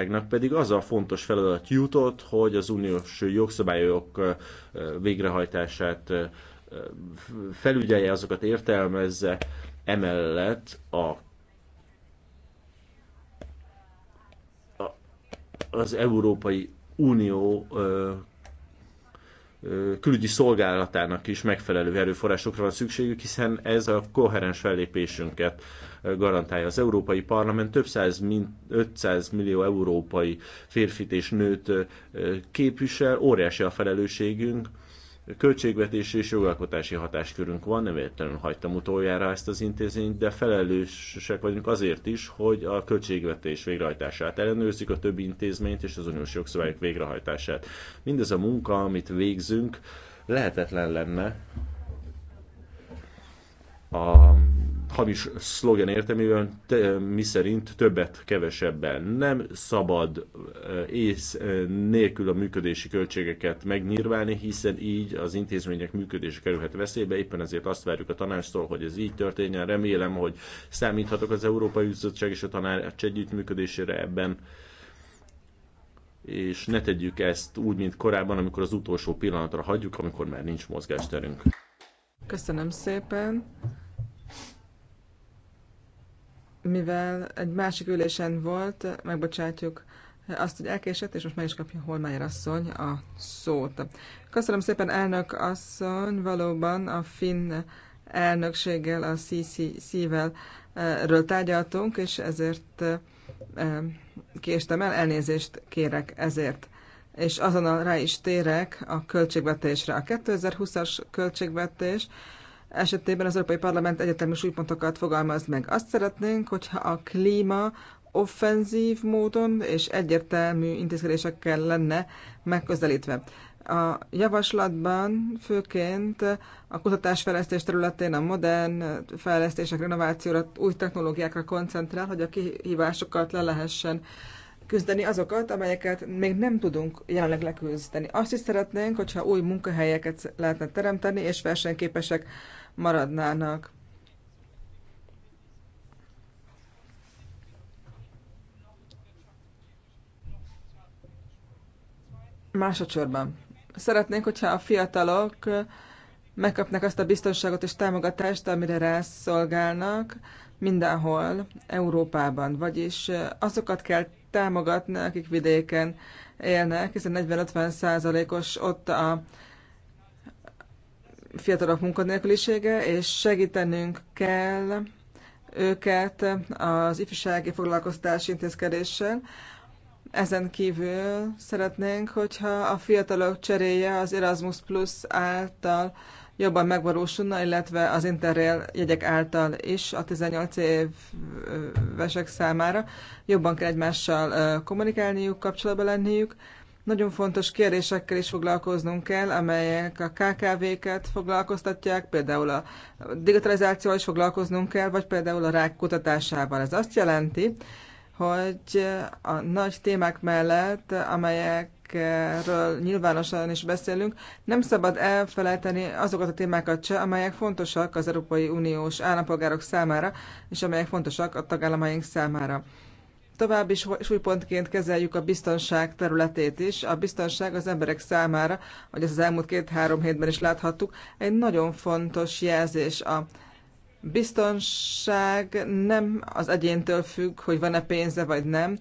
bizottságnak pedig az a fontos feladat jutott, hogy az uniós jogszabályok végrehajtását felügyelje, azokat értelmezze, emellett a az Európai Unió külügyi szolgálatának is megfelelő erőforrásokra van szükségük, hiszen ez a koherens fellépésünket garantálja. Az Európai Parlament több száz, 500 millió európai férfit és nőt képvisel, óriási a felelősségünk, Költségvetési és jogalkotási hatáskörünk van, nem értelemben hagytam utoljára ezt az intézményt, de felelősek vagyunk azért is, hogy a költségvetés végrehajtását ellenőrzik, a többi intézményt és az uniós jogszabályok végrehajtását. Mindez a munka, amit végzünk, lehetetlen lenne a hamis szlogen értelmében, mi szerint többet kevesebben. Nem szabad ész nélkül a működési költségeket megnyírválni, hiszen így az intézmények működése kerülhet veszélybe, éppen ezért azt várjuk a tanácstól, hogy ez így történjen. Remélem, hogy számíthatok az Európai Üzletség és a tanács együttműködésére ebben és ne tegyük ezt úgy, mint korábban, amikor az utolsó pillanatra hagyjuk, amikor már nincs mozgásterünk. Köszönöm szépen! mivel egy másik ülésen volt, megbocsátjuk azt, hogy elkésett, és most meg is kapja Holmájer asszony a szót. Köszönöm szépen, elnök asszony, valóban a finn elnökséggel, a CCC-vel eh, ről tárgyaltunk, és ezért eh, késtem el, elnézést kérek ezért. És azonnal rá is térek a költségvetésre. A 2020-as költségvetés esetében az Európai Parlament egyetemi súlypontokat fogalmaz meg. Azt szeretnénk, hogyha a klíma offenzív módon és egyértelmű intézkedésekkel lenne megközelítve. A javaslatban főként a kutatásfejlesztés területén a modern fejlesztések renovációra, új technológiákra koncentrál, hogy a kihívásokat le lehessen küzdeni azokat, amelyeket még nem tudunk jelenleg leküzdeni. Azt is szeretnénk, hogyha új munkahelyeket lehetne teremteni, és versenyképesek maradnának. Másodszorban. Szeretnénk, hogyha a fiatalok megkapnak azt a biztonságot és támogatást, amire rászolgálnak mindenhol Európában. Vagyis azokat kell támogatni, akik vidéken élnek, hiszen 40-50 százalékos ott a fiatalok munkanélkülisége, és segítenünk kell őket az ifjúsági foglalkoztatási intézkedéssel. Ezen kívül szeretnénk, hogyha a fiatalok cseréje az Erasmus Plus által jobban megvalósulna, illetve az Interrail jegyek által is a 18 évesek számára jobban kell egymással kommunikálniuk, kapcsolatban lenniük. Nagyon fontos kérdésekkel is foglalkoznunk kell, amelyek a KKV-ket foglalkoztatják, például a digitalizációval is foglalkoznunk kell, vagy például a rák kutatásával. Ez azt jelenti, hogy a nagy témák mellett, amelyek amelyekről nyilvánosan is beszélünk, nem szabad elfelejteni azokat a témákat se, amelyek fontosak az Európai Uniós állampolgárok számára, és amelyek fontosak a tagállamaink számára. További súlypontként kezeljük a biztonság területét is. A biztonság az emberek számára, hogy ezt az elmúlt két-három hétben is láthattuk, egy nagyon fontos jelzés a biztonság nem az egyéntől függ, hogy van-e pénze vagy nem,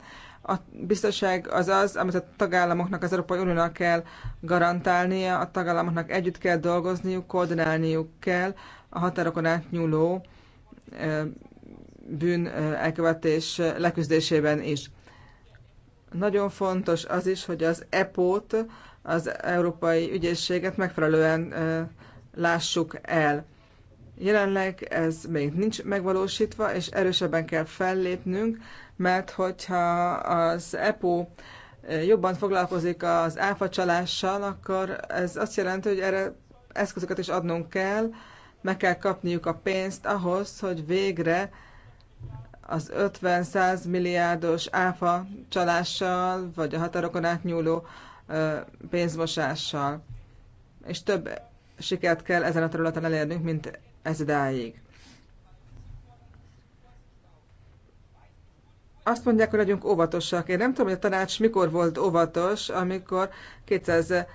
a biztonság az az, amit a tagállamoknak, az Európai Uniónak kell garantálnia, a tagállamoknak együtt kell dolgozniuk, koordinálniuk kell a határokon átnyúló bűn elkövetés leküzdésében is. Nagyon fontos az is, hogy az EPO-t, az Európai Ügyészséget megfelelően lássuk el. Jelenleg ez még nincs megvalósítva, és erősebben kell fellépnünk, mert hogyha az EPO eh, jobban foglalkozik az áfacsalással, akkor ez azt jelenti, hogy erre eszközöket is adnunk kell, meg kell kapniuk a pénzt ahhoz, hogy végre az 50-100 milliárdos áfa csalással, vagy a határokon átnyúló eh, pénzmosással. És több sikert kell ezen a területen elérnünk, mint ez idáig. azt mondják, hogy legyünk óvatosak. Én nem tudom, hogy a tanács mikor volt óvatos, amikor 200 eh,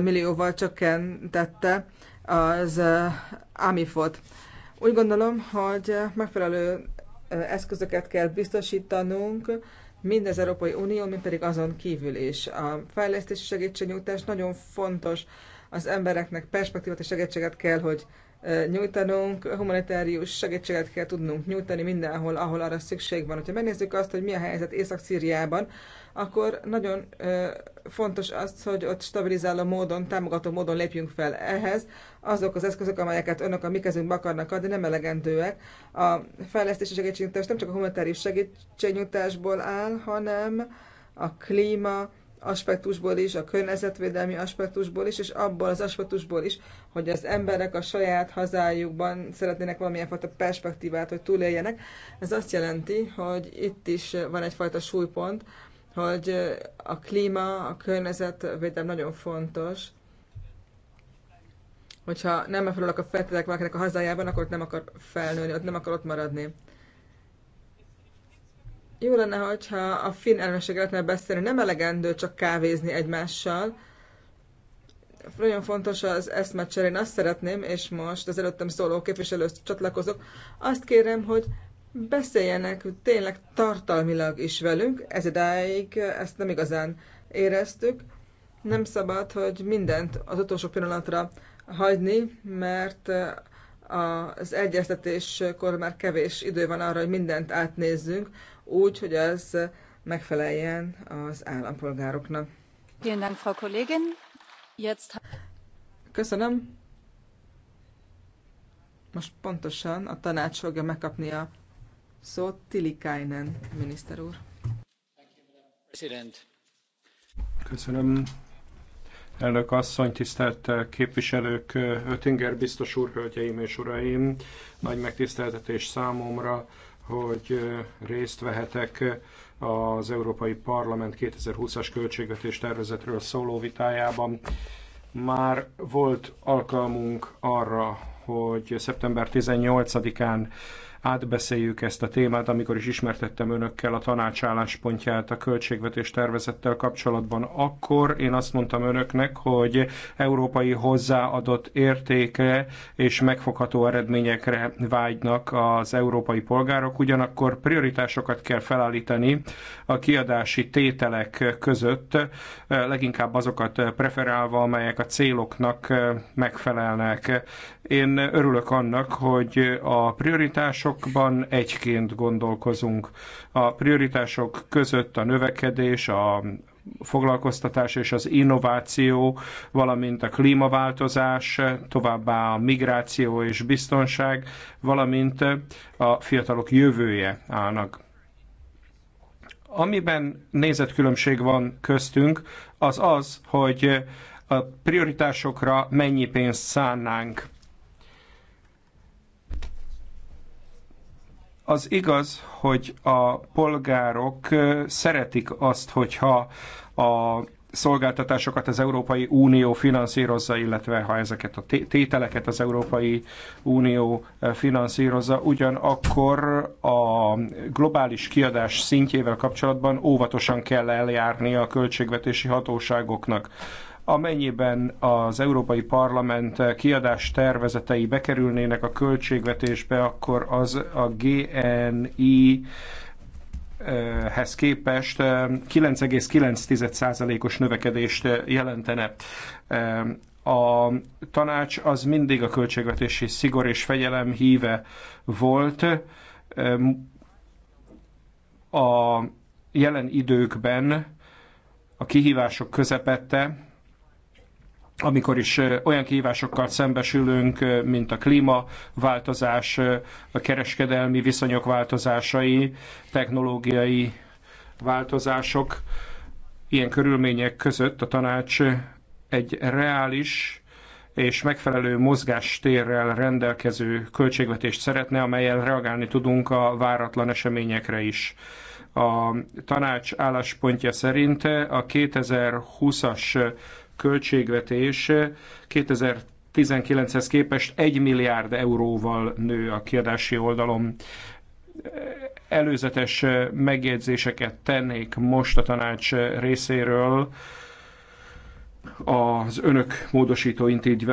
millióval csökkentette az eh, AMIFot. Úgy gondolom, hogy megfelelő eh, eszközöket kell biztosítanunk, mind az Európai Unió, mind pedig azon kívül is. A fejlesztési segítségnyújtás nagyon fontos, az embereknek perspektívát és segítséget kell, hogy nyújtanunk, humanitárius segítséget kell tudnunk nyújtani mindenhol, ahol arra szükség van. Ha megnézzük azt, hogy mi a helyzet Észak-Szíriában, akkor nagyon fontos az, hogy ott stabilizáló módon, támogató módon lépjünk fel ehhez. Azok az eszközök, amelyeket önök a mi kezünkbe akarnak adni, nem elegendőek. A fejlesztési segítségnyújtás nem csak a humanitárius segítségnyújtásból áll, hanem a klíma, aspektusból is, a környezetvédelmi aspektusból is, és abból az aspektusból is, hogy az emberek a saját hazájukban szeretnének valamilyen fajta perspektívát, hogy túléljenek. Ez azt jelenti, hogy itt is van egyfajta súlypont, hogy a klíma, a környezetvédelem nagyon fontos, hogyha nem megfelelnek a feltételek valakinek a hazájában, akkor ott nem akar felnőni, ott nem akar ott maradni. Jó lenne, hogyha a finn elmesek lehetne beszélni, nem elegendő csak kávézni egymással. Nagyon fontos az eszmecser, én azt szeretném, és most az előttem szóló képviselő csatlakozok, azt kérem, hogy beszéljenek tényleg tartalmilag is velünk, ez idáig ezt nem igazán éreztük. Nem szabad, hogy mindent az utolsó pillanatra hagyni, mert az egyeztetéskor már kevés idő van arra, hogy mindent átnézzünk, úgy, hogy ez megfeleljen az állampolgároknak. Köszönöm. Most pontosan a tanács fogja megkapni a szót Tilikainen miniszter úr. Köszönöm, elnök asszony, tisztelt eh, képviselők, Ötinger eh, biztos úr, hölgyeim és uraim, nagy megtiszteltetés számomra, hogy eh, részt vehetek az Európai Parlament 2020-as költségvetés tervezetről szóló vitájában. Már volt alkalmunk arra, hogy szeptember 18-án átbeszéljük ezt a témát, amikor is ismertettem önökkel a tanács álláspontját a költségvetés tervezettel kapcsolatban. Akkor én azt mondtam önöknek, hogy európai hozzáadott értékre és megfogható eredményekre vágynak az európai polgárok, ugyanakkor prioritásokat kell felállítani a kiadási tételek között, leginkább azokat preferálva, amelyek a céloknak megfelelnek. Én örülök annak, hogy a prioritások prioritásokban egyként gondolkozunk. A prioritások között a növekedés, a foglalkoztatás és az innováció, valamint a klímaváltozás, továbbá a migráció és biztonság, valamint a fiatalok jövője állnak. Amiben nézetkülönbség van köztünk, az az, hogy a prioritásokra mennyi pénzt szánnánk. Az igaz, hogy a polgárok szeretik azt, hogyha a szolgáltatásokat az Európai Unió finanszírozza, illetve ha ezeket a tételeket az Európai Unió finanszírozza, ugyanakkor a globális kiadás szintjével kapcsolatban óvatosan kell eljárni a költségvetési hatóságoknak amennyiben az Európai Parlament kiadás tervezetei bekerülnének a költségvetésbe, akkor az a GNI hez képest 9,9%-os eh, növekedést eh, jelentene. Eh, a tanács az mindig a költségvetési szigor és fegyelem híve volt. A jelen időkben a kihívások közepette amikor is olyan kihívásokkal szembesülünk, mint a klímaváltozás, a kereskedelmi viszonyok változásai, technológiai változások. Ilyen körülmények között a tanács egy reális és megfelelő mozgástérrel rendelkező költségvetést szeretne, amelyen reagálni tudunk a váratlan eseményekre is. A tanács álláspontja szerint a 2020-as költségvetés 2019-hez képest 1 milliárd euróval nő a kiadási oldalon. Előzetes megjegyzéseket tennék most a tanács részéről az önök módosító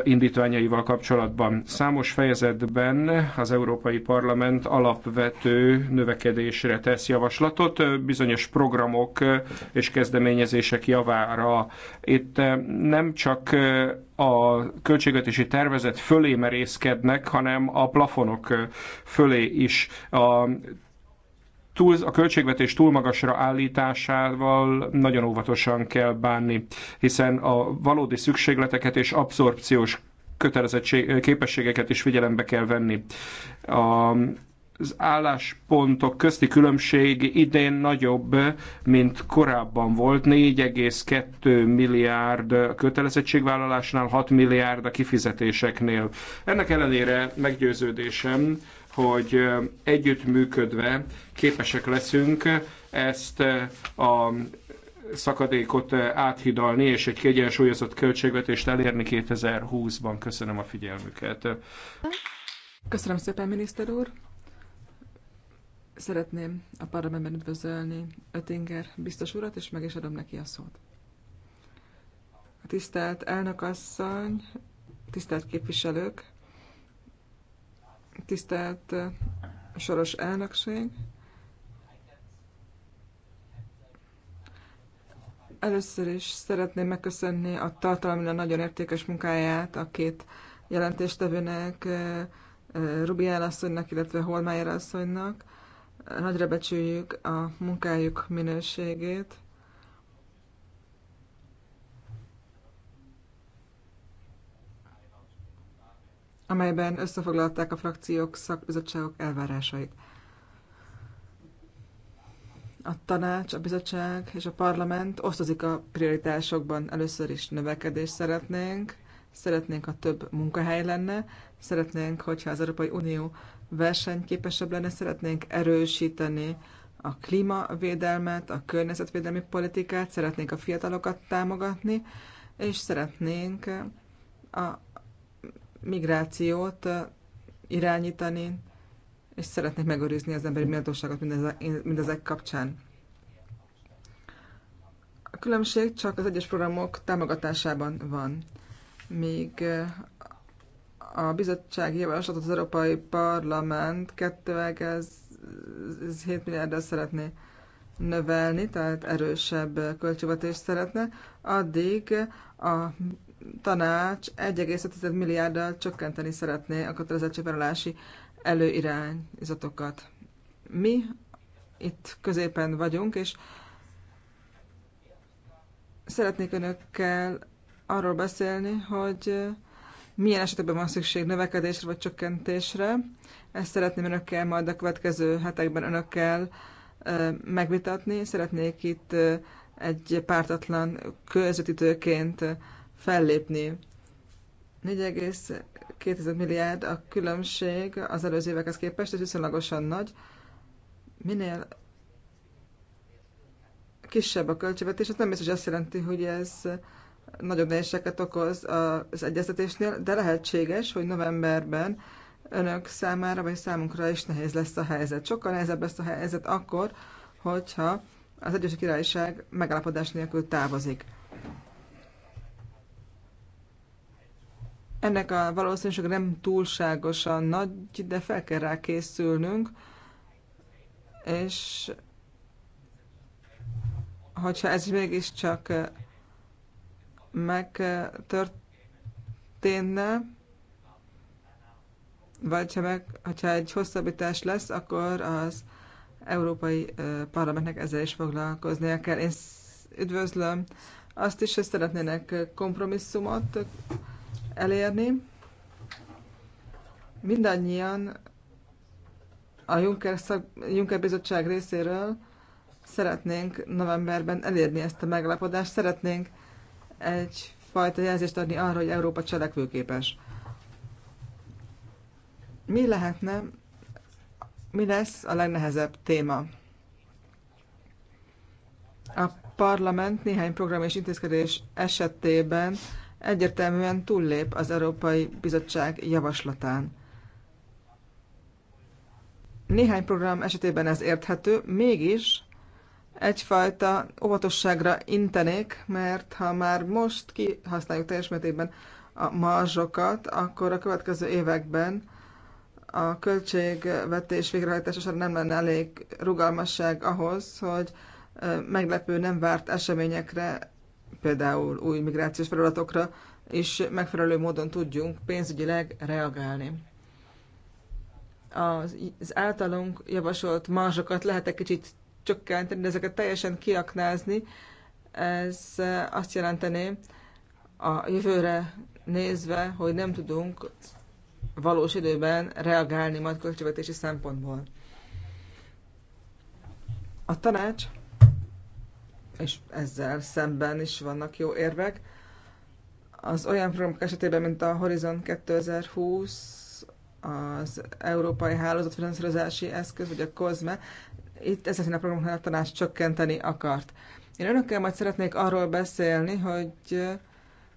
indítványaival kapcsolatban. Számos fejezetben az Európai Parlament alapvető növekedésre tesz javaslatot, bizonyos programok és kezdeményezések javára. Itt nem csak a költségvetési tervezet fölé merészkednek, hanem a plafonok fölé is. A túl, a költségvetés túl magasra állításával nagyon óvatosan kell bánni, hiszen a valódi szükségleteket és abszorpciós kötelezettség, képességeket is figyelembe kell venni. A, az álláspontok közti különbség idén nagyobb, mint korábban volt. 4,2 milliárd kötelezettségvállalásnál, 6 milliárd a kifizetéseknél. Ennek ellenére meggyőződésem, hogy együttműködve képesek leszünk ezt a szakadékot áthidalni, és egy kiegyensúlyozott költségvetést elérni 2020-ban. Köszönöm a figyelmüket. Köszönöm szépen, miniszter úr. Szeretném a parlamentben üdvözölni Ötinger biztos urat, és meg is adom neki a szót. Tisztelt elnökasszony, tisztelt képviselők, Tisztelt Soros elnökség! Először is szeretném megköszönni a tartalmilag nagyon értékes munkáját a két jelentéstevőnek, Rubiál asszonynak, illetve Holmájer asszonynak. Nagyra becsüljük a munkájuk minőségét. amelyben összefoglalták a frakciók, szakbizottságok elvárásait. A tanács, a bizottság és a parlament osztozik a prioritásokban. Először is növekedést szeretnénk, szeretnénk, ha több munkahely lenne, szeretnénk, hogyha az Európai Unió versenyképesebb lenne, szeretnénk erősíteni a klímavédelmet, a környezetvédelmi politikát, szeretnénk a fiatalokat támogatni, és szeretnénk a migrációt eh, irányítani, és szeretnék megőrizni az emberi méltóságot mindezek, kapcsán. A különbség csak az egyes programok támogatásában van. Míg eh, a bizottsági javaslatot az Európai Parlament 2,7 milliárddal szeretné növelni, tehát erősebb költségvetést szeretne, addig a tanács 1,5 milliárddal csökkenteni szeretné a kötelezettségvállalási előirányzatokat. Mi itt középen vagyunk, és szeretnék önökkel arról beszélni, hogy milyen esetekben van szükség növekedésre vagy csökkentésre. Ezt szeretném önökkel majd a következő hetekben önökkel megvitatni. Szeretnék itt egy pártatlan közvetítőként fellépni. 4,2 milliárd a különbség az előző évekhez képest, ez viszonylagosan nagy. Minél kisebb a költségvetés, ez nem biztos hogy azt jelenti, hogy ez nagyobb nehézséget okoz az egyeztetésnél, de lehetséges, hogy novemberben önök számára vagy számunkra is nehéz lesz a helyzet. Sokkal nehezebb lesz a helyzet akkor, hogyha az Egyesült Királyság megállapodás nélkül távozik. Ennek a valószínűség nem túlságosan nagy, de fel kell rá készülnünk, és hogyha ez mégiscsak megtörténne, vagy ha, meg, hogyha egy hosszabbítás lesz, akkor az Európai Parlamentnek ezzel is foglalkoznia kell. Én üdvözlöm azt is, hogy szeretnének kompromisszumot, elérni. Mindannyian a Juncker, szak, Juncker bizottság részéről szeretnénk novemberben elérni ezt a megállapodást, szeretnénk egyfajta jelzést adni arra, hogy Európa cselekvőképes. Mi lehetne, mi lesz a legnehezebb téma? A parlament néhány program és intézkedés esetében egyértelműen túllép az Európai Bizottság javaslatán. Néhány program esetében ez érthető, mégis egyfajta óvatosságra intenék, mert ha már most kihasználjuk teljes mértékben a marzsokat, akkor a következő években a költségvetés végrehajtása során nem lenne elég rugalmasság ahhoz, hogy meglepő, nem várt eseményekre például új migrációs feladatokra és megfelelő módon tudjunk pénzügyileg reagálni. Az általunk javasolt másokat lehet egy kicsit csökkenteni, de ezeket teljesen kiaknázni, ez azt jelenteni a jövőre nézve, hogy nem tudunk valós időben reagálni majd költségvetési szempontból. A tanács és ezzel szemben is vannak jó érvek. Az olyan programok esetében, mint a Horizon 2020, az Európai Finanszírozási Eszköz, vagy a COSME, itt ezeknél a programoknál a tanács csökkenteni akart. Én önökkel majd szeretnék arról beszélni, hogy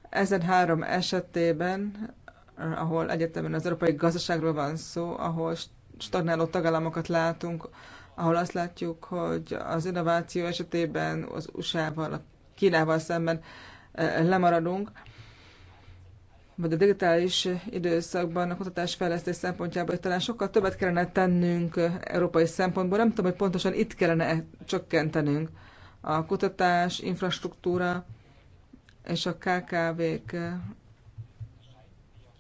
ezen három esetében, ahol egyetemen az európai gazdaságról van szó, ahol stagnáló tagállamokat látunk, ahol azt látjuk, hogy az innováció esetében az USA-val, a Kínával szemben e, lemaradunk, vagy a digitális időszakban a kutatásfejlesztés szempontjából hogy talán sokkal többet kellene tennünk európai szempontból. Nem tudom, hogy pontosan itt kellene csökkentenünk a kutatás, infrastruktúra és a KKV-k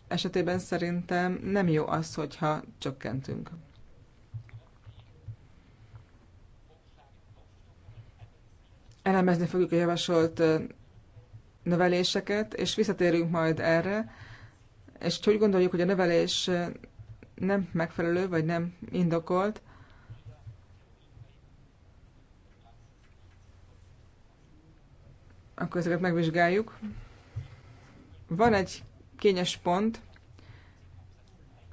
esetében szerintem nem jó az, hogyha csökkentünk. elemezni fogjuk a javasolt növeléseket, és visszatérünk majd erre, és hogy gondoljuk, hogy a növelés nem megfelelő, vagy nem indokolt, akkor ezeket megvizsgáljuk. Van egy kényes pont,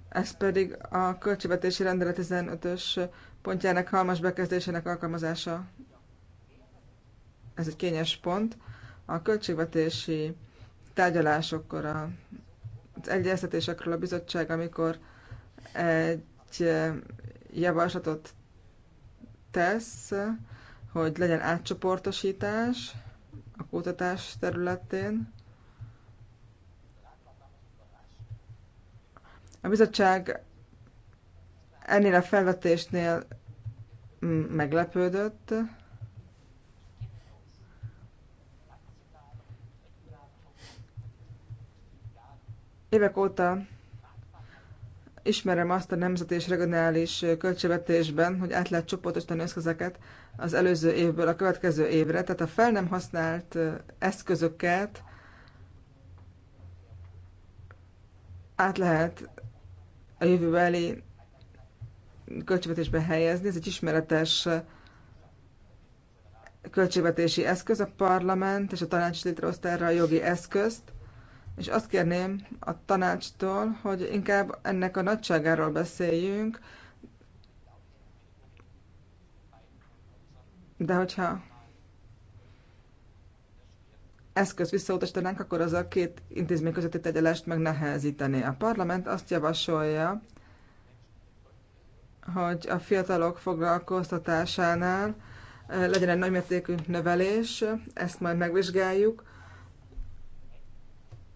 ez pedig a költségvetési rendelet 15-ös pontjának halmas bekezdésének alkalmazása ez egy kényes pont. A költségvetési tárgyalásokkor, a, az egyeztetésekről a bizottság, amikor egy javaslatot tesz, hogy legyen átcsoportosítás a kutatás területén. A bizottság ennél a felvetésnél meglepődött, Évek óta ismerem azt a nemzeti és regionális költségvetésben, hogy át lehet csoportosítani eszközeket az előző évből a következő évre. Tehát a fel nem használt eszközöket át lehet a jövőbeli költségvetésbe helyezni. Ez egy ismeretes költségvetési eszköz. A parlament és a tanács létrehozta erre a jogi eszközt, és azt kérném a tanácstól, hogy inkább ennek a nagyságáról beszéljünk, de hogyha eszköz visszautasítanánk, akkor az a két intézmény közötti tegyelást meg nehezítené. A parlament azt javasolja, hogy a fiatalok foglalkoztatásánál eh, legyen egy nagymértékű növelés, ezt majd megvizsgáljuk,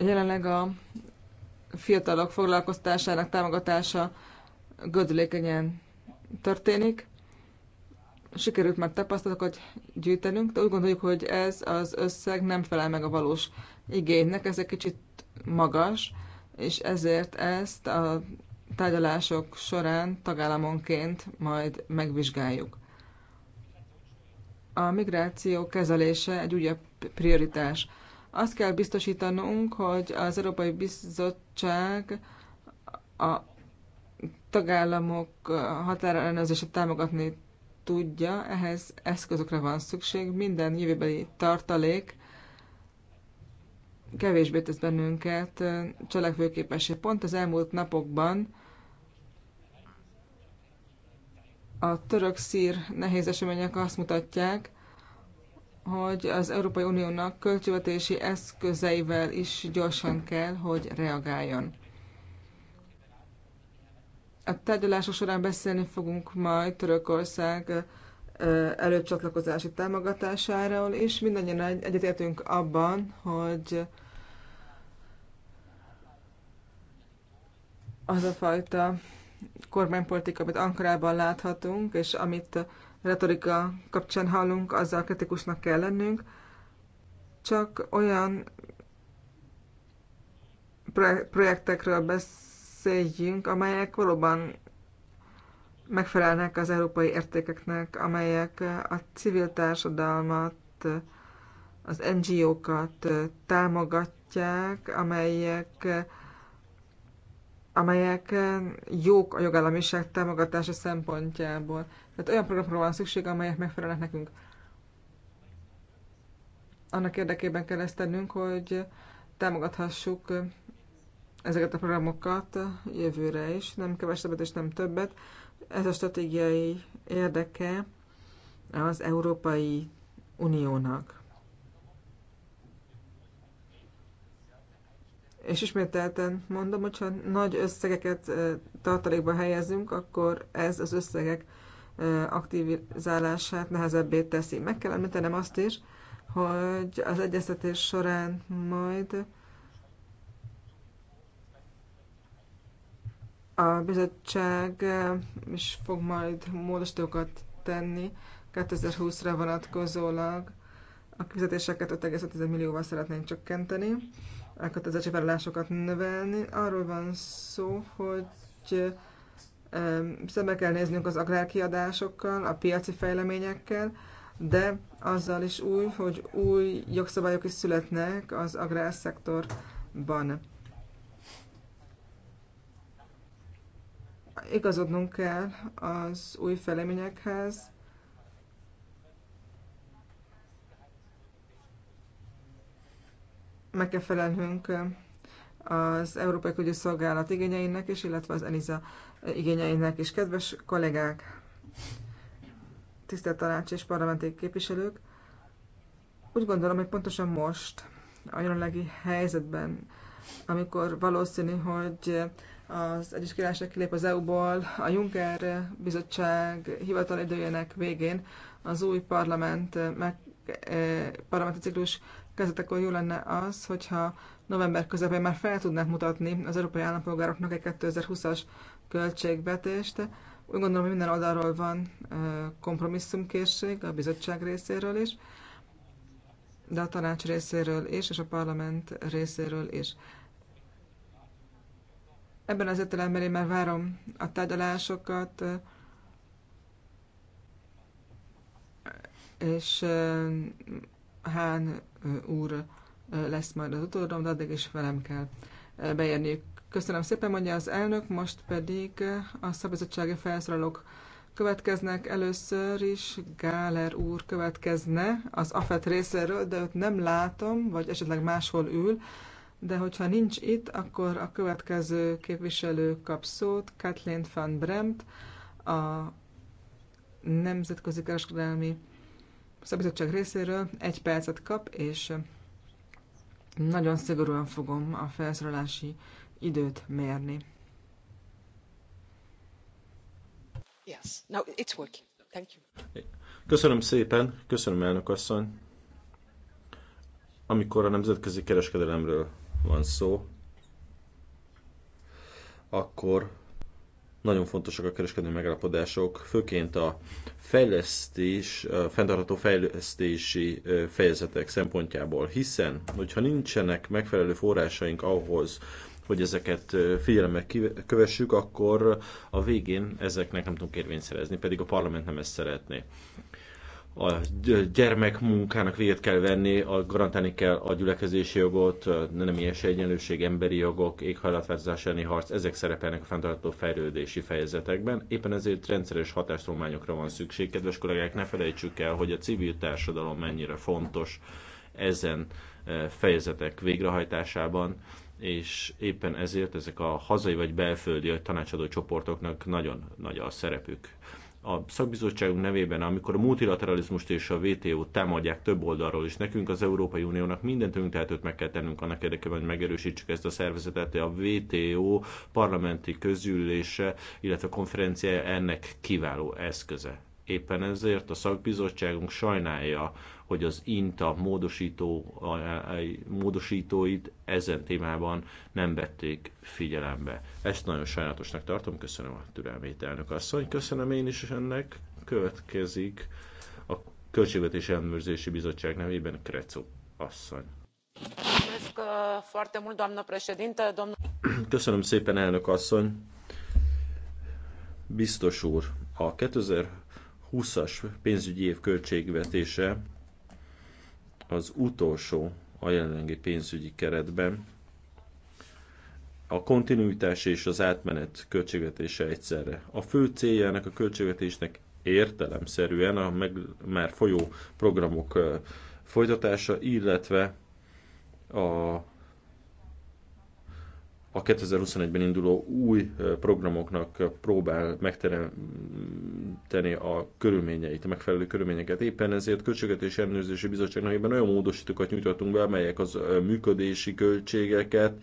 Jelenleg a fiatalok foglalkoztásának támogatása gödülékenyen történik. Sikerült már tapasztalatokat gyűjtenünk, de úgy gondoljuk, hogy ez az összeg nem felel meg a valós igénynek, ez egy kicsit magas, és ezért ezt a tárgyalások során tagállamonként majd megvizsgáljuk. A migráció kezelése egy újabb prioritás. Azt kell biztosítanunk, hogy az Európai Bizottság a tagállamok határellenőrzését támogatni tudja, ehhez eszközökre van szükség, minden jövőbeli tartalék kevésbé tesz bennünket cselekvőképessé. Pont az elmúlt napokban a török-szír nehéz események azt mutatják, hogy az Európai Uniónak költségvetési eszközeivel is gyorsan kell, hogy reagáljon. A tárgyalások során beszélni fogunk majd Törökország előcsatlakozási támogatásáról és Mindannyian egyetértünk abban, hogy az a fajta kormánypolitika, amit Ankarában láthatunk, és amit retorika kapcsán hallunk, azzal kritikusnak kell lennünk. Csak olyan projektekről beszéljünk, amelyek valóban megfelelnek az európai értékeknek, amelyek a civil társadalmat, az NGO-kat támogatják, amelyek amelyek eh, jók a jogállamiság támogatása szempontjából. Tehát olyan programokra van szükség, amelyek megfelelnek nekünk. Annak érdekében kell ezt tennünk, hogy támogathassuk eh, ezeket a programokat eh, jövőre is, nem kevesebbet és nem többet. Ez a stratégiai érdeke az Európai Uniónak. És ismételten mondom, hogyha nagy összegeket tartalékba helyezünk, akkor ez az összegek aktivizálását nehezebbé teszi. Meg kell említenem azt is, hogy az egyeztetés során majd a bizottság is fog majd módosítókat tenni 2020-ra vonatkozólag a fizetéseket 5,5 millióval szeretnénk csökkenteni vállalásokat növelni. Arról van szó, hogy szembe kell néznünk az agrárkiadásokkal, a piaci fejleményekkel, de azzal is új, hogy új jogszabályok is születnek az agrárszektorban. Igazodnunk kell az új fejleményekhez, meg kell felelnünk az Európai Külügyi Szolgálat igényeinek is, illetve az ENISA igényeinek is. Kedves kollégák, tisztelt tanács és parlamenti képviselők, úgy gondolom, hogy pontosan most, a jelenlegi helyzetben, amikor valószínű, hogy az Egyes Királyság kilép az EU-ból, a Juncker bizottság hivatal időjének végén az új parlament meg parlamenti kezdetekor jó lenne az, hogyha november közepén már fel tudnánk mutatni az európai állampolgároknak egy 2020-as költségvetést. Úgy gondolom, hogy minden oldalról van kompromisszumkészség, a bizottság részéről is, de a tanács részéről is, és a parlament részéről is. Ebben az értelemben én már várom a tárgyalásokat, és Hán úr lesz majd az utódom, de addig is velem kell beérniük. Köszönöm szépen, mondja az elnök, most pedig a szabizottsági felszólalók következnek. Először is Gáler úr következne az AFET részéről, de őt nem látom, vagy esetleg máshol ül. De hogyha nincs itt, akkor a következő képviselő kap szót, Kathleen van Bremt, a Nemzetközi Kereskedelmi szabizottság részéről egy percet kap, és nagyon szigorúan fogom a felszólalási időt mérni. Yes. No, it's working. Thank you. Köszönöm szépen, köszönöm elnök asszony. Amikor a nemzetközi kereskedelemről van szó, akkor nagyon fontosak a kereskedelmi megállapodások, főként a fejlesztés, a fenntartható fejlesztési fejezetek szempontjából, hiszen, hogyha nincsenek megfelelő forrásaink ahhoz, hogy ezeket figyelemmel kövessük, akkor a végén ezeknek nem tudunk érvényt szerezni, pedig a parlament nem ezt szeretné a gyermekmunkának véget kell venni, a, garantálni kell a gyülekezési jogot, nem ilyes egyenlőség, emberi jogok, éghajlatváltozás elleni harc, ezek szerepelnek a fenntartható fejlődési fejezetekben. Éppen ezért rendszeres hatástrományokra van szükség. Kedves kollégák, ne felejtsük el, hogy a civil társadalom mennyire fontos ezen e, fejezetek végrehajtásában, és éppen ezért ezek a hazai vagy belföldi tanácsadó csoportoknak nagyon nagy a szerepük a szakbizottságunk nevében, amikor a multilateralizmust és a WTO-t támadják több oldalról is, nekünk az Európai Uniónak minden tőlünk tehetőt meg kell tennünk annak érdekében, hogy megerősítsük ezt a szervezetet. A WTO parlamenti közülése, illetve konferenciája ennek kiváló eszköze. Éppen ezért a szakbizottságunk sajnálja hogy az INTA módosító, módosítóit ezen témában nem vették figyelembe. Ezt nagyon sajnálatosnak tartom, köszönöm a türelmét, elnök asszony, köszönöm én is ennek, következik a Költségvetési Ellenőrzési Bizottság nevében Krecu asszony. Uh, köszönöm szépen, elnök asszony. Biztos úr, a 2020-as pénzügyi év költségvetése az utolsó a jelenlegi pénzügyi keretben. A kontinuitás és az átmenet költségvetése egyszerre. A fő céljának a költségvetésnek értelemszerűen a meg, már folyó programok folytatása, illetve a a 2021-ben induló új programoknak próbál megteremteni a körülményeit, a megfelelő körülményeket. Éppen ezért Költségvetési Ellenőrzési Bizottságnak éppen olyan módosítókat nyújtottunk be, amelyek az működési költségeket,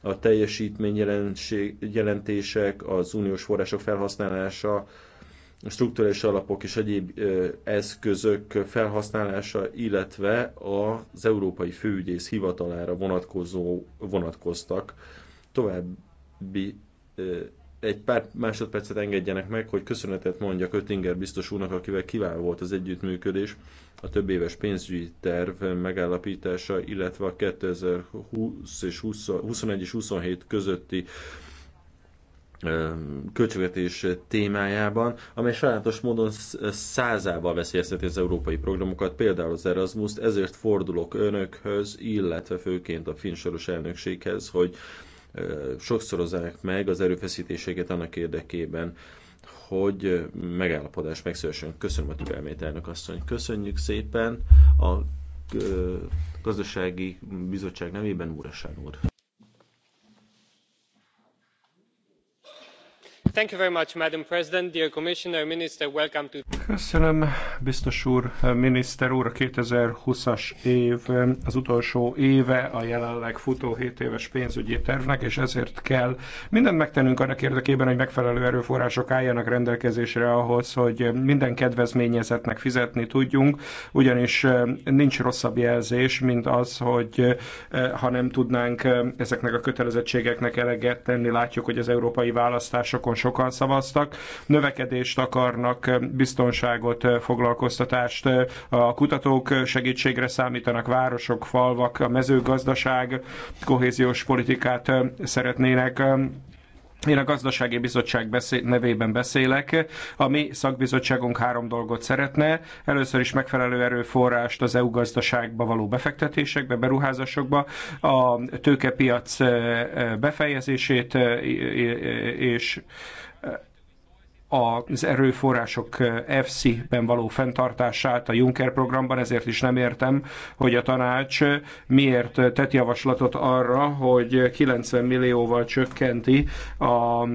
a teljesítmény jelentések, az uniós források felhasználása, a struktúrális alapok és egyéb eszközök felhasználása, illetve az Európai Főügyész hivatalára vonatkozó vonatkoztak További egy pár másodpercet engedjenek meg, hogy köszönetet mondjak Öttinger biztos úrnak, akivel kiváló volt az együttműködés, a több éves pénzügyi terv megállapítása, illetve a 2020 és 20, 21 és 27 közötti költségvetés témájában, amely sajátos módon százával veszélyezteti az európai programokat, például az Erasmus-t, ezért fordulok önökhöz, illetve főként a finnsoros elnökséghez, hogy sokszorozzák meg az erőfeszítéseket annak érdekében, hogy megállapodás megszülessen. Köszönöm a türelmét, elnök asszony. Köszönjük szépen a gazdasági bizottság nevében Úrasán úr. Köszönöm, biztos úr, miniszter úr, a 2020-as év az utolsó éve a jelenleg futó hétéves pénzügyi tervnek, és ezért kell mindent megtennünk annak érdekében, hogy megfelelő erőforrások álljanak rendelkezésre ahhoz, hogy minden kedvezményezetnek fizetni tudjunk, ugyanis eh, nincs rosszabb jelzés, mint az, hogy eh, ha nem tudnánk eh, ezeknek a kötelezettségeknek eleget tenni, látjuk, hogy az európai választásokon sokan szavaztak. Növekedést akarnak, biztonságot, foglalkoztatást. A kutatók segítségre számítanak városok, falvak, a mezőgazdaság, kohéziós politikát szeretnének én a gazdasági bizottság beszél, nevében beszélek. A mi szakbizottságunk három dolgot szeretne. Először is megfelelő erőforrást az EU gazdaságba való befektetésekbe, beruházásokba, a tőkepiac eh, eh, befejezését eh, és az erőforrások fc ben való fenntartását a Juncker programban, ezért is nem értem, hogy a tanács miért tett javaslatot arra, hogy 90 millióval csökkenti a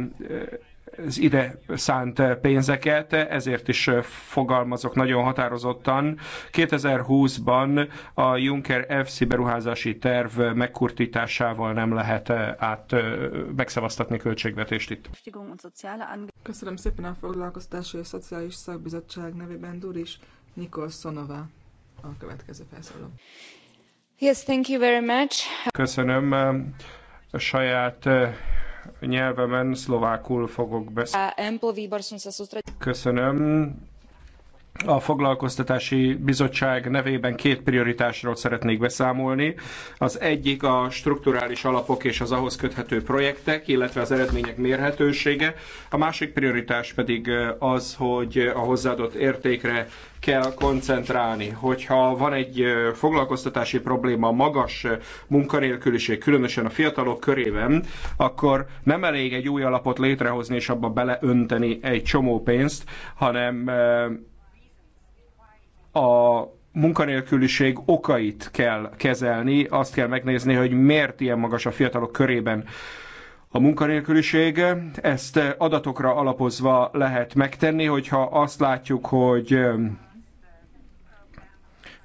az ide szánt pénzeket, ezért is fogalmazok nagyon határozottan. 2020-ban a Juncker FC beruházási terv megkurtításával nem lehet át megszavaztatni költségvetést itt. Köszönöm szépen a Foglalkoztatási és Szociális Szakbizottság nevében Duris Nikolsonova a következő felszóló. Yes, thank you very much. Köszönöm. A saját nyelvemen szlovákul fogok beszélni. Köszönöm a Foglalkoztatási Bizottság nevében két prioritásról szeretnék beszámolni. Az egyik a strukturális alapok és az ahhoz köthető projektek, illetve az eredmények mérhetősége. A másik prioritás pedig az, hogy a hozzáadott értékre kell koncentrálni. Hogyha van egy foglalkoztatási probléma, magas munkanélküliség, különösen a fiatalok körében, akkor nem elég egy új alapot létrehozni és abba beleönteni egy csomó pénzt, hanem a munkanélküliség okait kell kezelni, azt kell megnézni, hogy miért ilyen magas a fiatalok körében a munkanélküliség. Ezt adatokra alapozva lehet megtenni, hogyha azt látjuk, hogy um,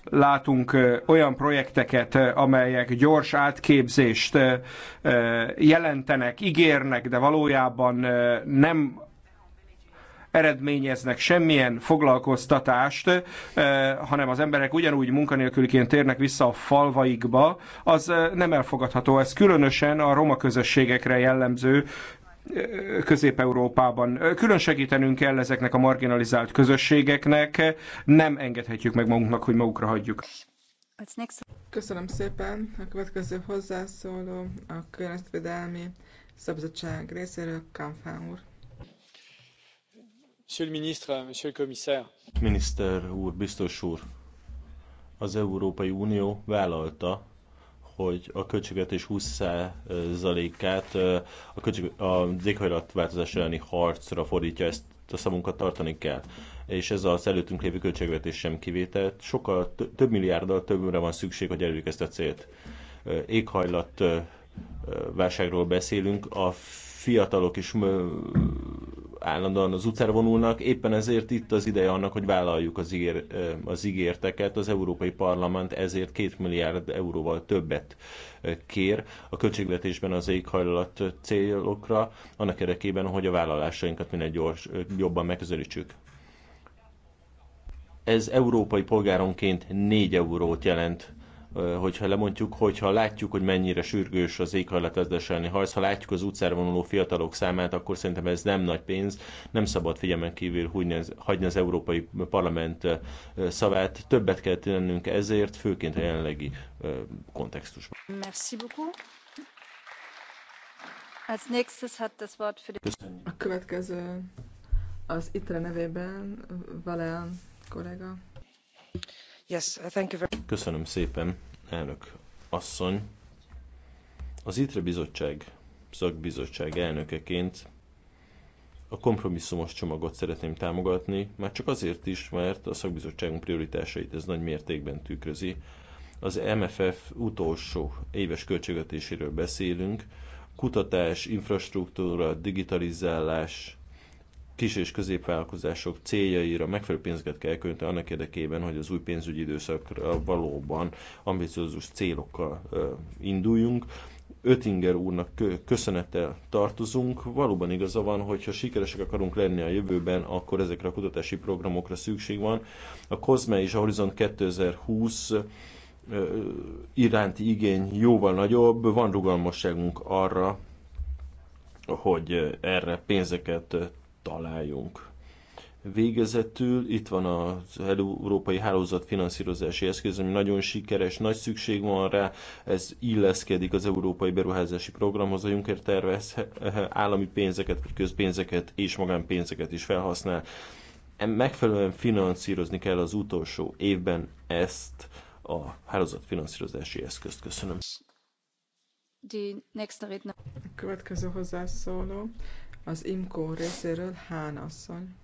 látunk uh, olyan projekteket, uh, amelyek gyors átképzést uh, jelentenek, ígérnek, de valójában nem eredményeznek semmilyen foglalkoztatást, eh, hanem az emberek ugyanúgy munkanélküliként térnek vissza a falvaikba, az eh, nem elfogadható. Ez különösen a roma közösségekre jellemző, eh, Közép-Európában. Külön segítenünk kell ezeknek a marginalizált közösségeknek, nem engedhetjük meg magunknak, hogy magukra hagyjuk. Köszönöm szépen. A következő hozzászóló a Környezetvédelmi Szabadság részéről Kampfán úr. Miniszter úr, biztos úr, az Európai Unió vállalta, hogy a költségvetés 20%-át a, költség, az éghajlatváltozás elleni harcra fordítja, ezt a szavunkat tartani kell. És ez az előttünk lévő költségvetés sem kivétel. Sokkal több milliárddal többre van szükség, hogy elérjük ezt a célt. Éghajlat válságról beszélünk, a fiatalok is állandóan az utcára vonulnak, éppen ezért itt az ideje annak, hogy vállaljuk az, ígér, az ígérteket. Az Európai Parlament ezért két milliárd euróval többet kér a költségvetésben az éghajlat célokra, annak érdekében, hogy a vállalásainkat minél gyors, jobban megközelítsük ez európai polgáronként 4 eurót jelent hogyha lemondjuk, hogyha látjuk, hogy mennyire sürgős az éghajlatezdeselni hajsz, ha látjuk az utcára vonuló fiatalok számát, akkor szerintem ez nem nagy pénz, nem szabad figyelmen kívül hagyni az Európai Parlament szavát, többet kell tennünk ezért, főként a jelenlegi kontextusban. Merci beaucoup. Als nächstes hat das Wort für die... A következő az ITRE nevében Valean kollega. Yes, thank you very... Köszönöm szépen, elnök asszony. Az ITRE bizottság, szakbizottság elnökeként a kompromisszumos csomagot szeretném támogatni, már csak azért is, mert a szakbizottságunk prioritásait ez nagy mértékben tükrözi. Az MFF utolsó éves költségvetéséről beszélünk, kutatás, infrastruktúra, digitalizálás, kis és középvállalkozások céljaira megfelelő pénzeket kell költeni annak érdekében, hogy az új pénzügyi időszakra valóban ambiciózus célokkal induljunk. Ötinger úrnak köszönettel tartozunk. Valóban igaza van, hogy ha sikeresek akarunk lenni a jövőben, akkor ezekre a kutatási programokra szükség van. A COSME és a Horizont 2020 iránti igény jóval nagyobb, van rugalmasságunk arra, hogy erre pénzeket találjunk. Végezetül itt van az Európai Hálózat finanszírozási eszköz, ami nagyon sikeres, nagy szükség van rá, ez illeszkedik az Európai Beruházási Programhoz, a Juncker tervez állami pénzeket, közpénzeket és magánpénzeket is felhasznál. Megfelelően finanszírozni kell az utolsó évben ezt a hálózat finanszírozási eszközt. Köszönöm. Következő hozzászóló az IMCO részéről Hán asszony.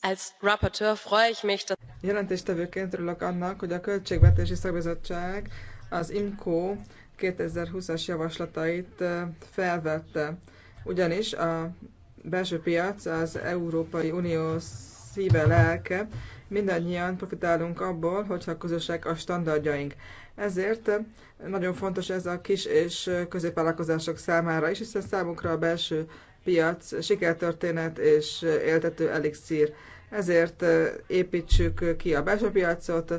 Als Rapporteur freue ich mich, dass Jelentéstevőként örülök annak, hogy a Költségvetési Szakbizottság az IMCO 2020-as javaslatait felvette. Ugyanis a belső piac az Európai Unió szíve, lelke, mindannyian profitálunk abból, hogyha közösek a standardjaink. Ezért nagyon fontos ez a kis és középvállalkozások számára is, hiszen számukra a belső piac sikertörténet és éltető elixír. Ezért építsük ki a belső piacot,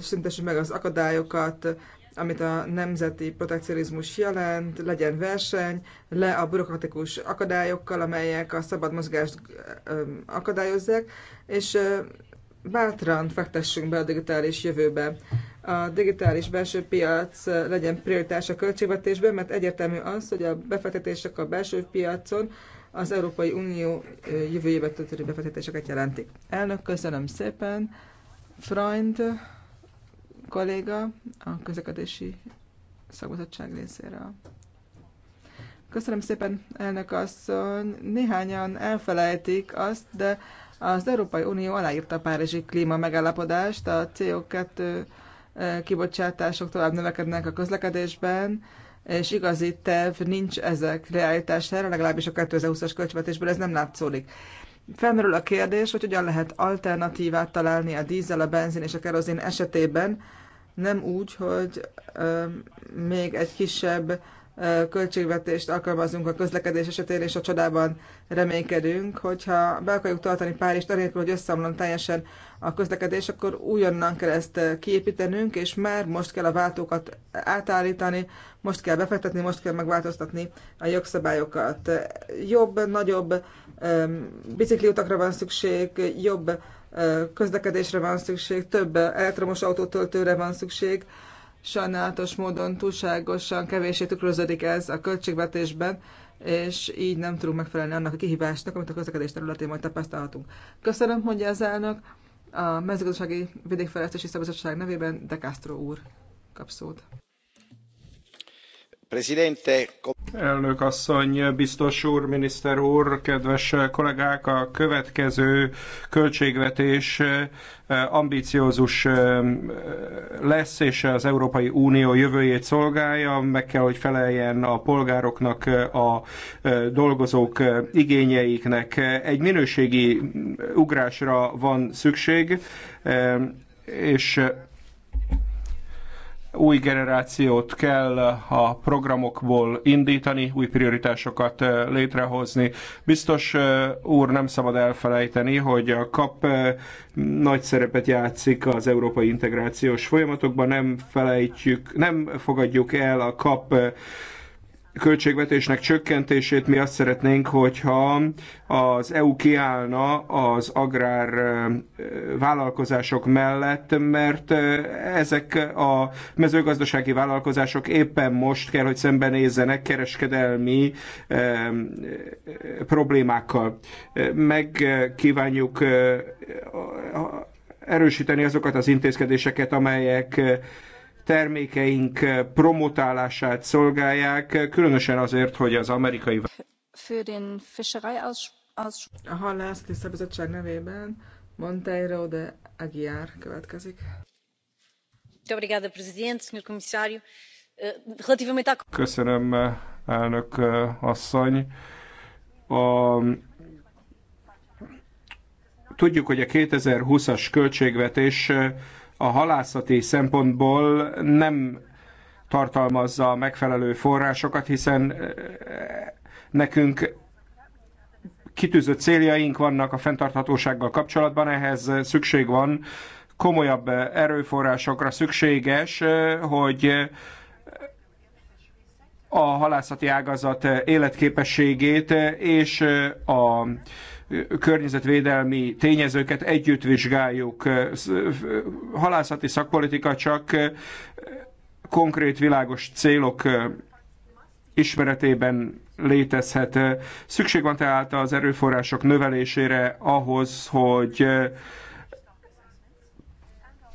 szüntessük meg az akadályokat, amit a nemzeti protekcionizmus jelent, legyen verseny, le a bürokratikus akadályokkal, amelyek a szabad mozgást akadályozzák, és bátran fektessünk be a digitális jövőbe. A digitális belső piac legyen prioritás a költségvetésben, mert egyértelmű az, hogy a befektetések a belső piacon az Európai Unió jövőjébe történő befektetéseket jelentik. Elnök, köszönöm szépen. Freund kolléga a közlekedési szakbizottság részéről. Köszönöm szépen, elnök asszony. Néhányan elfelejtik azt, de az Európai Unió aláírta a Párizsi klíma megállapodást, a CO2 eh, kibocsátások tovább növekednek a közlekedésben, és igazi terv nincs ezek realitására, legalábbis a 2020-as költségvetésből ez nem látszódik. Felmerül a kérdés, hogy hogyan lehet alternatívát találni a dízel, a benzin és a kerozin esetében, nem úgy, hogy ö, eh, még egy kisebb költségvetést alkalmazunk a közlekedés esetén, és a csodában reménykedünk, hogyha be akarjuk tartani Párizst, anélkül, hogy összeomlom teljesen a közlekedés, akkor újonnan kell ezt kiépítenünk, és már most kell a váltókat átállítani, most kell befektetni, most kell megváltoztatni a jogszabályokat. Jobb, nagyobb bicikliutakra van szükség, jobb közlekedésre van szükség, több elektromos autótöltőre van szükség, Sajnálatos módon túlságosan kevéssé tükröződik ez a költségvetésben, és így nem tudunk megfelelni annak a kihívásnak, amit a közlekedés területén majd tapasztalhatunk. Köszönöm, mondja az elnök. A mezőgazdasági vidékfejlesztési szabadság nevében De Castro úr kap szót. Elnök asszony, biztos úr, miniszter úr, kedves kollégák, a következő költségvetés eh, ambiciózus eh, lesz, és az Európai Unió jövőjét szolgálja, meg kell, hogy feleljen a polgároknak, eh, a dolgozók igényeiknek. Egy minőségi ugrásra van szükség, és új generációt kell a programokból indítani, új prioritásokat létrehozni. Biztos úr, nem szabad elfelejteni, hogy a kap nagy szerepet játszik az európai integrációs folyamatokban, nem felejtjük, nem fogadjuk el a kap költségvetésnek csökkentését mi azt szeretnénk, hogyha az EU kiállna az agrár vállalkozások mellett, mert ezek a mezőgazdasági vállalkozások éppen most kell, hogy szembenézzenek kereskedelmi problémákkal. Meg kívánjuk erősíteni azokat az intézkedéseket, amelyek termékeink eh, promotálását szolgálják, eh, különösen azért, hogy az amerikai... Für den Fischereiausschuss... A Hallászti Szabizottság nevében Monteiro de Aguiar következik. Eh, Köszönöm, elnök asszony. A tudjuk, hogy a 2020-as költségvetés a halászati szempontból nem tartalmazza a megfelelő forrásokat, hiszen eh, nekünk kitűzött céljaink vannak a fenntarthatósággal kapcsolatban, ehhez szükség van komolyabb eh, erőforrásokra szükséges, eh, hogy a halászati ágazat életképességét és a környezetvédelmi tényezőket együtt vizsgáljuk. Halászati szakpolitika csak konkrét világos célok ismeretében létezhet. Szükség van tehát az erőforrások növelésére ahhoz, hogy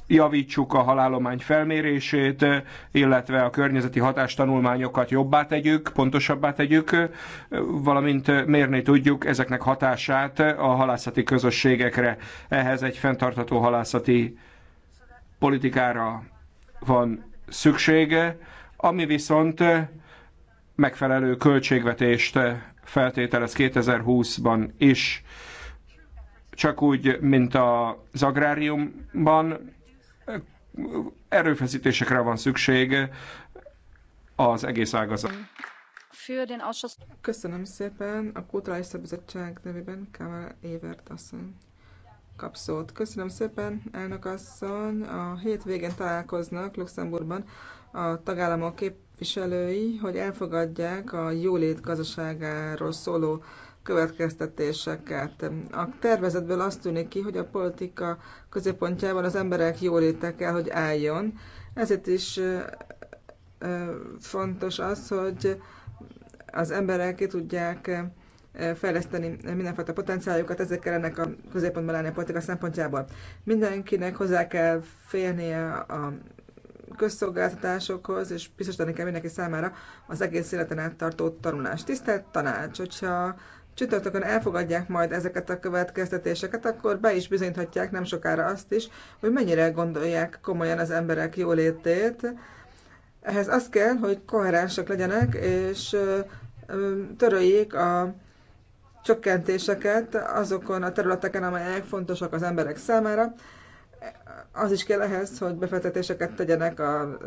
javítsuk a halálomány felmérését, illetve a környezeti hatástanulmányokat jobbá tegyük, pontosabbá tegyük, valamint mérni tudjuk ezeknek hatását a halászati közösségekre. Ehhez egy fenntartható halászati politikára van szüksége, ami viszont megfelelő költségvetést feltételez 2020-ban is, csak úgy, mint az agráriumban, erőfeszítésekre van szükség az egész ágazat. Köszönöm szépen a Kulturális Szabizottság nevében Kával Évert asszony kapszót. Köszönöm szépen, elnök asszony. A hétvégén találkoznak Luxemburgban a tagállamok képviselői, hogy elfogadják a jólét gazdaságáról szóló következtetéseket. A tervezetből azt tűnik ki, hogy a politika középpontjában az emberek jóléte kell, hogy álljon. Ezért is fontos az, hogy az emberek ki tudják fejleszteni mindenfajta potenciáljukat, ezek kellenek a középpontban állni a politika szempontjából. Mindenkinek hozzá kell félnie a közszolgáltatásokhoz, és biztosítani kell mindenki számára az egész életen át tartó tanulást. Tisztelt tanács, hogyha csütörtökön elfogadják majd ezeket a következtetéseket, akkor be is bizonyíthatják nem sokára azt is, hogy mennyire gondolják komolyan az emberek jólétét. Ehhez az kell, hogy koherensek legyenek, és töröljék a csökkentéseket azokon a területeken, amelyek fontosak az emberek számára, az is kell ehhez, hogy befektetéseket tegyenek a,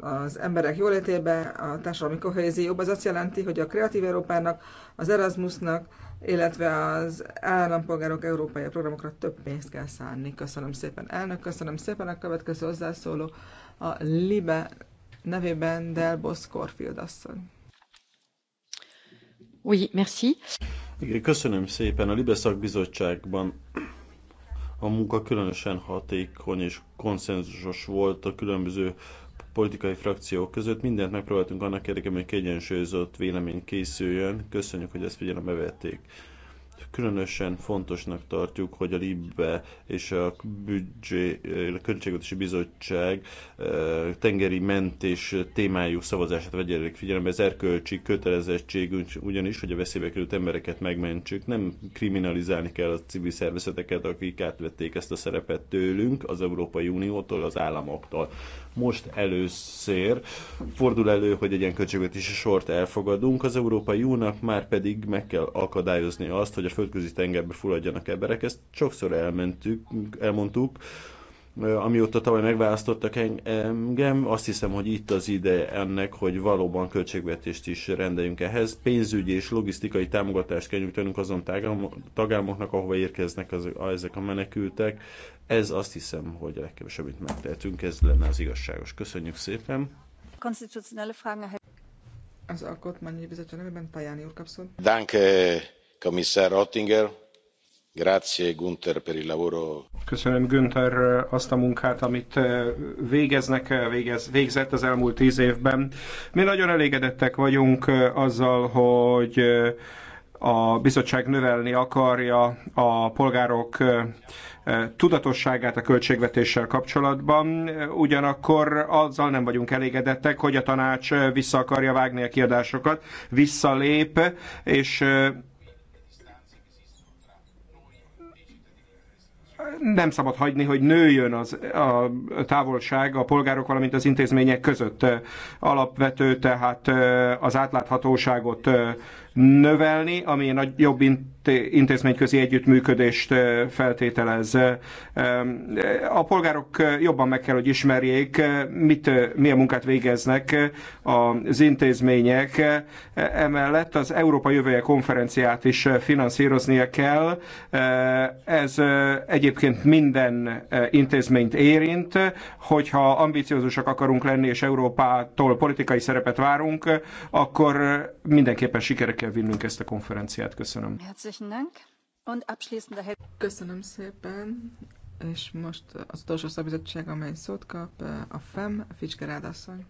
az emberek jólétébe, a társadalmi kohézióba. Ez azt jelenti, hogy a Kreatív Európának, az Erasmusnak, illetve az állampolgárok európai programokra több pénzt kell szánni. Köszönöm szépen, elnök, köszönöm szépen a következő hozzászóló a Libe nevében Delbos Corfield asszony. Oui, merci. Igen, köszönöm szépen. A Libe Bizottságban a munka különösen hatékony és konszenzusos volt a különböző politikai frakciók között. Mindent megpróbáltunk annak érdekében, hogy kiegyensúlyozott vélemény készüljön. Köszönjük, hogy ezt figyelembe vették. Különösen fontosnak tartjuk, hogy a LIBE és a, büdzsé, a Költségvetési Bizottság tengeri mentés témájú szavazását vegyék figyelembe. Ez erkölcsi kötelezettségünk ugyanis, hogy a veszélybe került embereket megmentsük. Nem kriminalizálni kell a civil szervezeteket, akik átvették ezt a szerepet tőlünk, az Európai Uniótól, az államoktól most először fordul elő, hogy egy ilyen költségvetési sort elfogadunk, az Európai Uniónak már pedig meg kell akadályozni azt, hogy a földközi tengerbe fulladjanak emberek. Ezt sokszor elmentük, elmondtuk, amióta tavaly megválasztottak engem, azt hiszem, hogy itt az ide ennek, hogy valóban költségvetést is rendeljünk ehhez. Pénzügyi és logisztikai támogatást kell nyújtanunk azon tagállamoknak, ahova érkeznek az, ezek a menekültek. Ez azt hiszem, hogy a legkevesebb, amit megtehetünk, ez lenne az igazságos. Köszönjük szépen! Az Alkotmányi Bizottság nevében Tajani úr kapszol. Danke, Kommissar Oettinger. Grazie Günther per il lavoro. Köszönöm Günther azt a munkát, amit eh, végeznek, eh, végez, végzett az elmúlt tíz évben. Mi nagyon elégedettek vagyunk eh, azzal, hogy a bizottság növelni akarja a polgárok tudatosságát a költségvetéssel kapcsolatban, ugyanakkor azzal nem vagyunk elégedettek, hogy a tanács vissza akarja vágni a kiadásokat, visszalép, és nem szabad hagyni, hogy nőjön az, a távolság a polgárok, valamint az intézmények között. Alapvető tehát az átláthatóságot növelni, ami nagy, jobb intézményközi együttműködést eh, feltételez. Eh, eh, a polgárok jobban meg kell, hogy ismerjék, mit, milyen munkát végeznek az intézmények. Emellett az Európa Jövője konferenciát is finanszíroznia kell. Ez egyébként minden intézményt érint. Hogyha ambiciózusak akarunk lenni, és Európától politikai szerepet várunk, akkor mindenképpen sikere kell vinnünk ezt a konferenciát. Köszönöm. Hát, Köszönöm szépen, és most az utolsó szabizottság, amely szót kap, eh, a FEM, Fitzgerald asszony.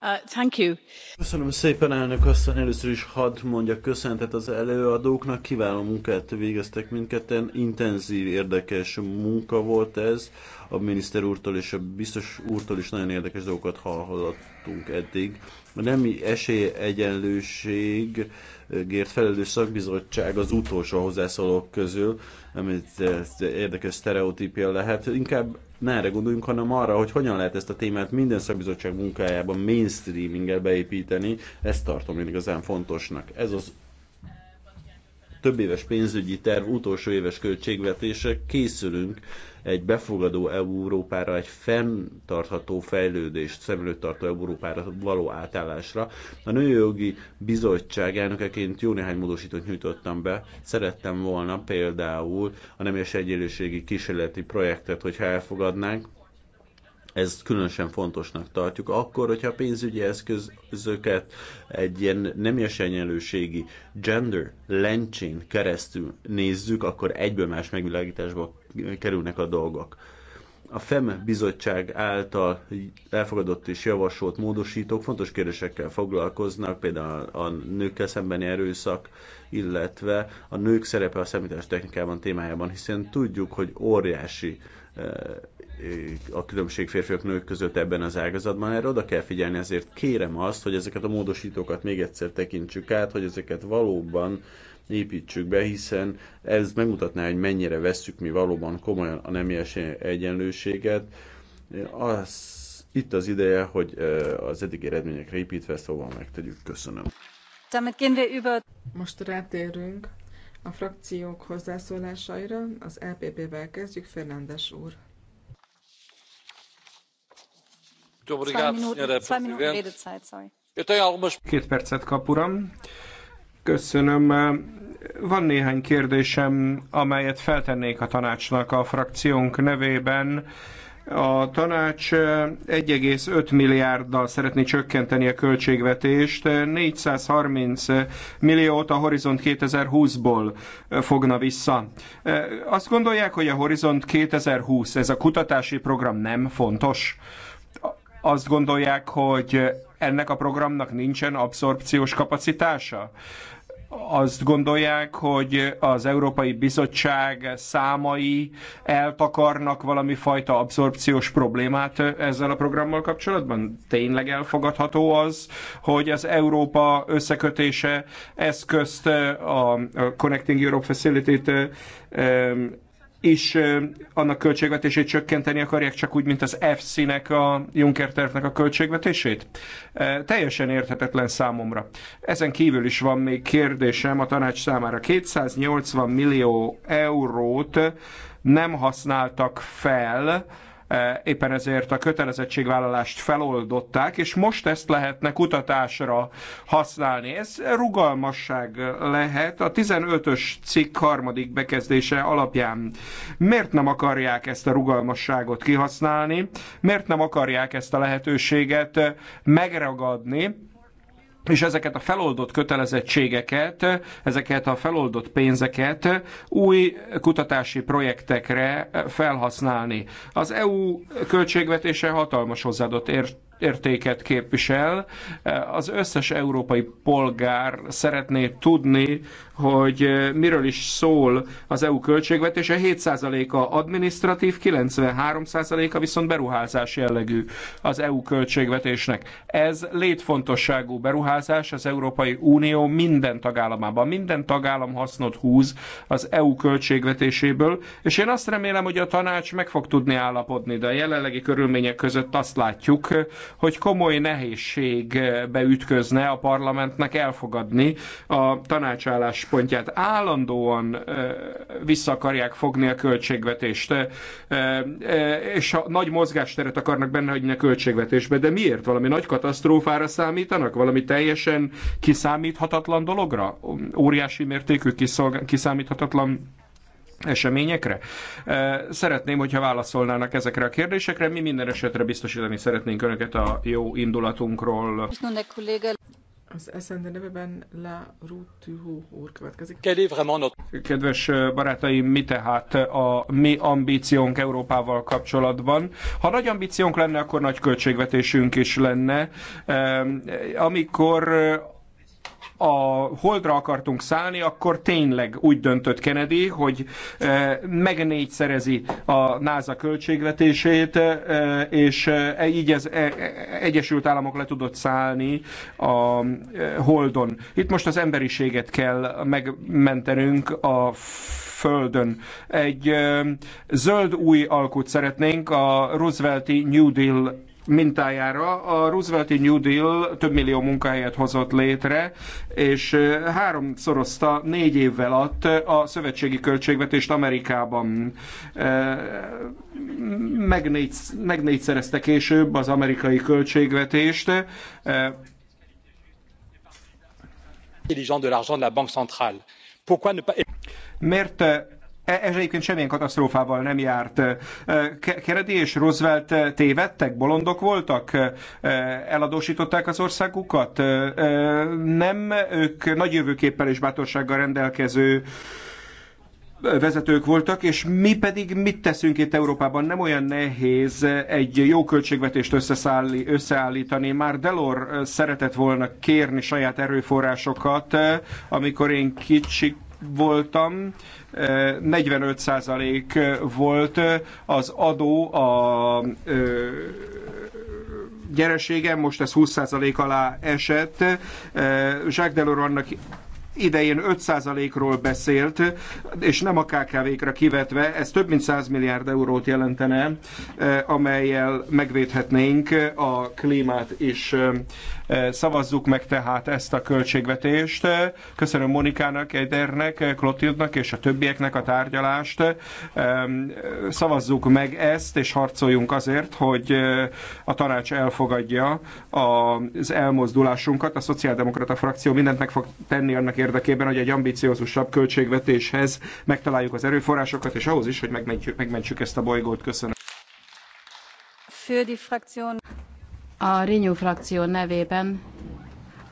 Uh, thank you. Köszönöm szépen, elnök asszony. Először is hadd mondja köszönetet az előadóknak. Kiváló munkát végeztek mindketten. Intenzív, érdekes munka volt ez. A miniszter úrtól és a biztos úrtól is nagyon érdekes dolgokat hallhattunk eddig. A nemi esélyegyenlőségért felelős szakbizottság az utolsó hozzászólók közül, amit érdekes sztereotípia lehet. Inkább ne erre gondoljunk, hanem arra, hogy hogyan lehet ezt a témát minden szakbizottság munkájában mainstreaminggel beépíteni. Ezt tartom én igazán fontosnak. Ez az több éves pénzügyi terv utolsó éves költségvetése készülünk egy befogadó Európára, egy fenntartható fejlődést, szem tartó Európára való átállásra. A Nőjogi Bizottság elnökeként jó néhány módosítót nyújtottam be. Szerettem volna például a nemes egyenlőségi kísérleti projektet, hogyha elfogadnánk, ezt különösen fontosnak tartjuk, akkor, hogyha a pénzügyi eszközöket egy ilyen nemies egyenlőségi gender lencsén keresztül nézzük, akkor egyből más megvilágításba kerülnek a dolgok. A FEM bizottság által elfogadott és javasolt módosítók fontos kérdésekkel foglalkoznak, például a nőkkel szembeni erőszak, illetve a nők szerepe a szemítás technikában témájában, hiszen tudjuk, hogy óriási eh, a különbség férfiak nők között ebben az ágazatban. Erre oda kell figyelni, ezért kérem azt, hogy ezeket a módosítókat még egyszer tekintsük át, hogy ezeket valóban építsük be, hiszen ez megmutatná, hogy mennyire vesszük mi valóban komolyan a nemies egyenlőséget. Az, itt az ideje, hogy az eddigi eredményekre építve szóval megtegyük. Köszönöm. Most rátérünk a frakciók hozzászólásaira. Az LPP-vel e kezdjük, Fernándes úr. Két percet kap, uram. Köszönöm. Van néhány kérdésem, amelyet feltennék a tanácsnak a frakciónk nevében. A tanács 1,5 milliárddal szeretné csökkenteni a költségvetést, 430 milliót a Horizont 2020-ból fogna vissza. Azt gondolják, hogy a Horizont 2020, ez a kutatási program nem fontos? azt gondolják, hogy ennek a programnak nincsen abszorpciós kapacitása? Azt gondolják, hogy az Európai Bizottság számai eltakarnak valami fajta abszorpciós problémát ezzel a programmal kapcsolatban? Tényleg elfogadható az, hogy az Európa összekötése eszközt, a Connecting Europe Facility-t is annak költségvetését csökkenteni akarják, csak úgy, mint az FC-nek, a Juncker tervnek a költségvetését? Teljesen érthetetlen számomra. Ezen kívül is van még kérdésem a tanács számára. 280 millió eurót nem használtak fel, Eh, éppen ezért a kötelezettségvállalást feloldották, és most ezt lehetne kutatásra használni. Ez rugalmasság lehet a 15-ös cikk harmadik bekezdése alapján. Miért nem akarják ezt a rugalmasságot kihasználni? Miért nem akarják ezt a lehetőséget megragadni? és ezeket a feloldott kötelezettségeket, ezeket a feloldott pénzeket új kutatási projektekre felhasználni. Az EU költségvetése hatalmas hozzáadott ért értéket képvisel. Az összes európai polgár szeretné tudni hogy miről is szól az EU költségvetése. 7%-a administratív, 93%-a viszont beruházás jellegű az EU költségvetésnek. Ez létfontosságú beruházás az Európai Unió minden tagállamában. Minden tagállam hasznot húz az EU költségvetéséből, és én azt remélem, hogy a tanács meg fog tudni állapodni, de a jelenlegi körülmények között azt látjuk, hogy komoly nehézségbe ütközne a parlamentnek elfogadni a tanácsállás álláspontját. Állandóan vissza akarják fogni a költségvetést, és a nagy mozgásteret akarnak benne hagyni a költségvetésbe. De miért? Valami nagy katasztrófára számítanak? Valami teljesen kiszámíthatatlan dologra? Óriási mértékű kiszámíthatatlan eseményekre. Szeretném, hogyha válaszolnának ezekre a kérdésekre. Mi minden esetre biztosítani szeretnénk Önöket a jó indulatunkról. Kedves barátaim, mi tehát a mi ambíciónk Európával kapcsolatban? Ha nagy ambíciónk lenne, akkor nagy költségvetésünk is lenne. Amikor a holdra akartunk szállni, akkor tényleg úgy döntött Kennedy, hogy eh, meg négyszerezi a NASA költségvetését, eh, és eh, így az Egyesült Államok le tudott szállni a holdon. Itt most az emberiséget kell megmentenünk a Földön. Egy zöld új alkot szeretnénk a Roosevelti New Deal mintájára. A Roosevelti New Deal több millió munkahelyet hozott létre, és háromszorozta négy évvel alatt a szövetségi költségvetést Amerikában. Megnégy, megnégyszerezte később az amerikai költségvetést. Intelligent de l'argent de la Banque Centrale. Pourquoi ne pas... Miért E, ez egyébként semmilyen katasztrófával nem járt. E, Keredi és Roosevelt e, tévedtek, bolondok voltak, eladósították az országukat. Nem ők nagy jövőképpel és bátorsággal rendelkező vezetők voltak, és mi pedig mit teszünk itt Európában? Nem olyan nehéz egy jó költségvetést összeállítani. Már Delor szeretett volna kérni saját erőforrásokat, amikor én kicsik voltam, 45% eh, eh, volt eh, az adó a gyereségem, most ez 20% alá esett. Jacques Delors annak idején 5%-ról beszélt, és nem a KKV-kra kivetve, ez több mint 100 milliárd eurót jelentene, eh, amelyel megvédhetnénk a klímát is. Eh, szavazzuk meg tehát ezt a költségvetést. Köszönöm Monikának, Edernek, Klotildnak és a többieknek a tárgyalást. Eh, szavazzuk meg ezt, és harcoljunk azért, hogy a tanács elfogadja az elmozdulásunkat. A Szociáldemokrata frakció mindent meg fog tenni annak érdekében, hogy egy ambiciózusabb költségvetéshez megtaláljuk az erőforrásokat, és ahhoz is, hogy megmentjük, megmentsük ezt a bolygót. Köszönöm. A Renew frakció nevében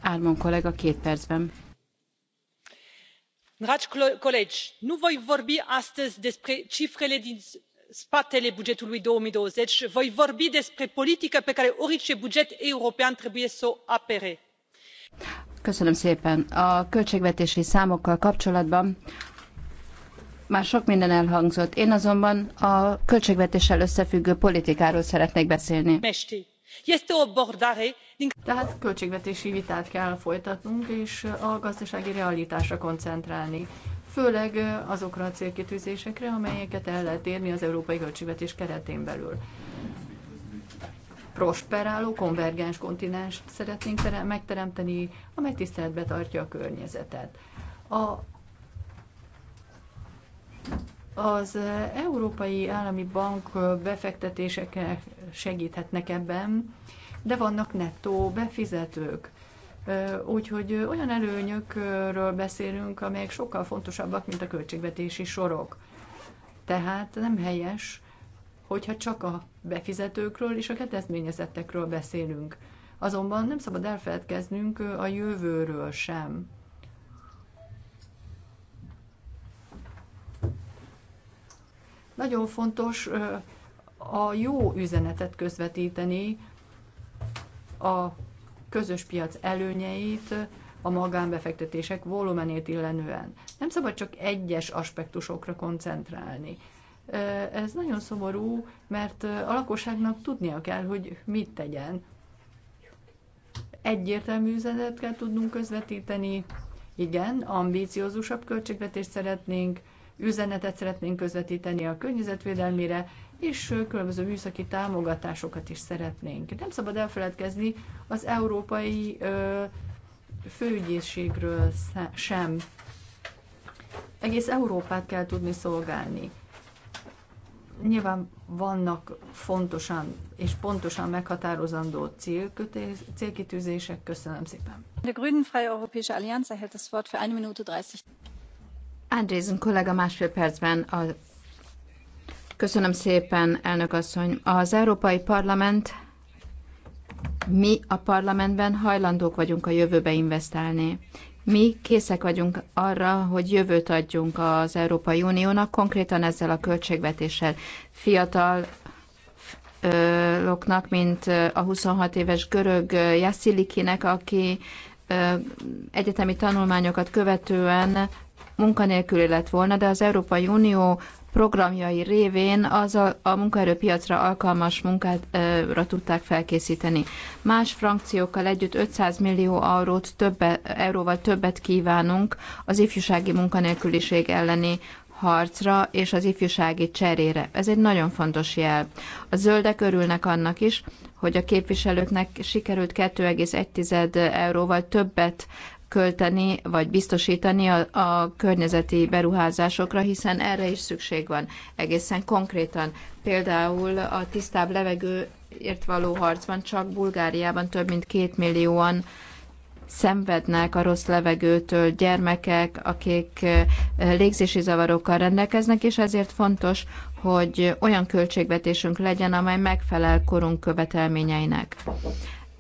Álmon kollega két percben. Dragi colegi, nu voi vorbi astăzi despre cifrele din spatele bugetului 2020, voi vorbi despre politică pe care orice buget european trebuie să o apere Köszönöm szépen. A költségvetési számokkal kapcsolatban már sok minden elhangzott. Én azonban a költségvetéssel összefüggő politikáról szeretnék beszélni. Mesti. Tehát költségvetési vitát kell folytatnunk, és a gazdasági realitásra koncentrálni. Főleg azokra a célkitűzésekre, amelyeket el lehet érni az európai költségvetés keretén belül prosperáló, konvergens kontinens szeretnénk megteremteni, amely tiszteletbe tartja a környezetet. A, az Európai Állami Bank befektetések segíthetnek ebben, de vannak nettó befizetők. Úgyhogy olyan előnyökről beszélünk, amelyek sokkal fontosabbak, mint a költségvetési sorok. Tehát nem helyes, hogyha csak a befizetőkről és a kedvezményezettekről beszélünk. Azonban nem szabad elfeledkeznünk a jövőről sem. Nagyon fontos a jó üzenetet közvetíteni, a közös piac előnyeit, a magánbefektetések volumenét illenően. Nem szabad csak egyes aspektusokra koncentrálni. Ez nagyon szomorú, mert a lakosságnak tudnia kell, hogy mit tegyen. Egyértelmű üzenetet kell tudnunk közvetíteni. Igen, ambíciózusabb költségvetést szeretnénk, üzenetet szeretnénk közvetíteni a környezetvédelmére, és különböző műszaki támogatásokat is szeretnénk. Nem szabad elfeledkezni az európai ö, főügyészségről sem. Egész Európát kell tudni szolgálni. Nyilván vannak fontosan és pontosan meghatározandó célkötés, célkitűzések. Köszönöm szépen. A Grünen Freie Europäische Allianz erhält das Wort für 1 Minute 30. Andrézen kollega másfél percben a Köszönöm szépen, elnök asszony. Az Európai Parlament, mi a parlamentben hajlandók vagyunk a jövőbe investálni, mi készek vagyunk arra, hogy jövőt adjunk az Európai Uniónak, konkrétan ezzel a költségvetéssel. Fiatal loknak, mint a 26 éves görög Jasszilikinek, aki egyetemi tanulmányokat követően munkanélküli lett volna, de az Európai Unió programjai révén az a, a munkaerőpiacra alkalmas munkára tudták felkészíteni. Más frakciókkal együtt 500 millió eurót többe, euróval többet kívánunk az ifjúsági munkanélküliség elleni harcra és az ifjúsági cserére. Ez egy nagyon fontos jel. A zöldek örülnek annak is, hogy a képviselőknek sikerült 2,1 euróval többet költeni vagy biztosítani a, a környezeti beruházásokra, hiszen erre is szükség van egészen konkrétan. Például a tisztább levegőért való harcban csak Bulgáriában több mint két millióan szenvednek a rossz levegőtől gyermekek, akik eh, légzési zavarokkal rendelkeznek, és ezért fontos, hogy olyan költségvetésünk legyen, amely megfelel korunk követelményeinek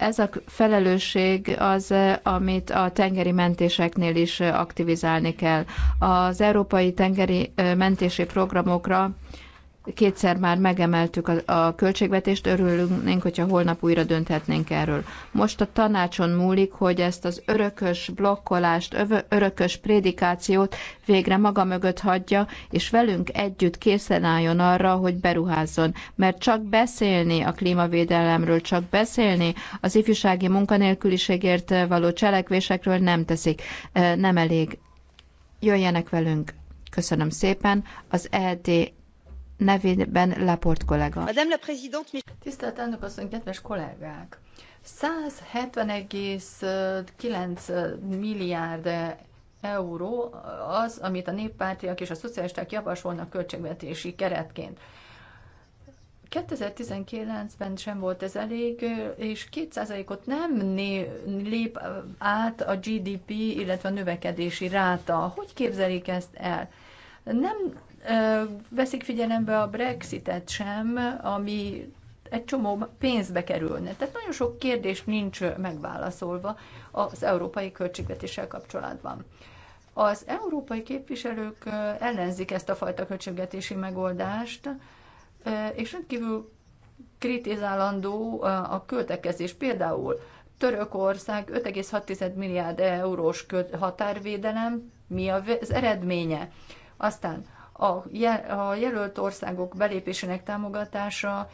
ez a felelősség az, amit a tengeri mentéseknél is aktivizálni kell. Az európai tengeri mentési programokra Kétszer már megemeltük a, a költségvetést, örülnénk, hogyha holnap újra dönthetnénk erről. Most a tanácson múlik, hogy ezt az örökös blokkolást, övö, örökös prédikációt végre maga mögött hagyja, és velünk együtt készen álljon arra, hogy beruházzon. Mert csak beszélni a klímavédelemről, csak beszélni az ifjúsági munkanélküliségért való cselekvésekről nem teszik. Nem elég. Jöjjenek velünk. Köszönöm szépen. Az ED nevében Laport kollega. Madame mi... Tisztelt elnök asszony, kedves kollégák! 171,9 milliárd euró az, amit a néppártiak és a szocialisták javasolnak költségvetési keretként. 2019-ben sem volt ez elég, és 2%-ot nem lép át a GDP, illetve a növekedési ráta. Hogy képzelik ezt el? Nem veszik figyelembe a Brexitet sem, ami egy csomó pénzbe kerülne. Tehát nagyon sok kérdés nincs megválaszolva az európai költségvetéssel kapcsolatban. Az európai képviselők ellenzik ezt a fajta költségvetési megoldást, és rendkívül kritizálandó a költekezés. Például Törökország 5,6 milliárd eurós határvédelem, mi az eredménye? Aztán a, jelölt országok belépésének támogatása,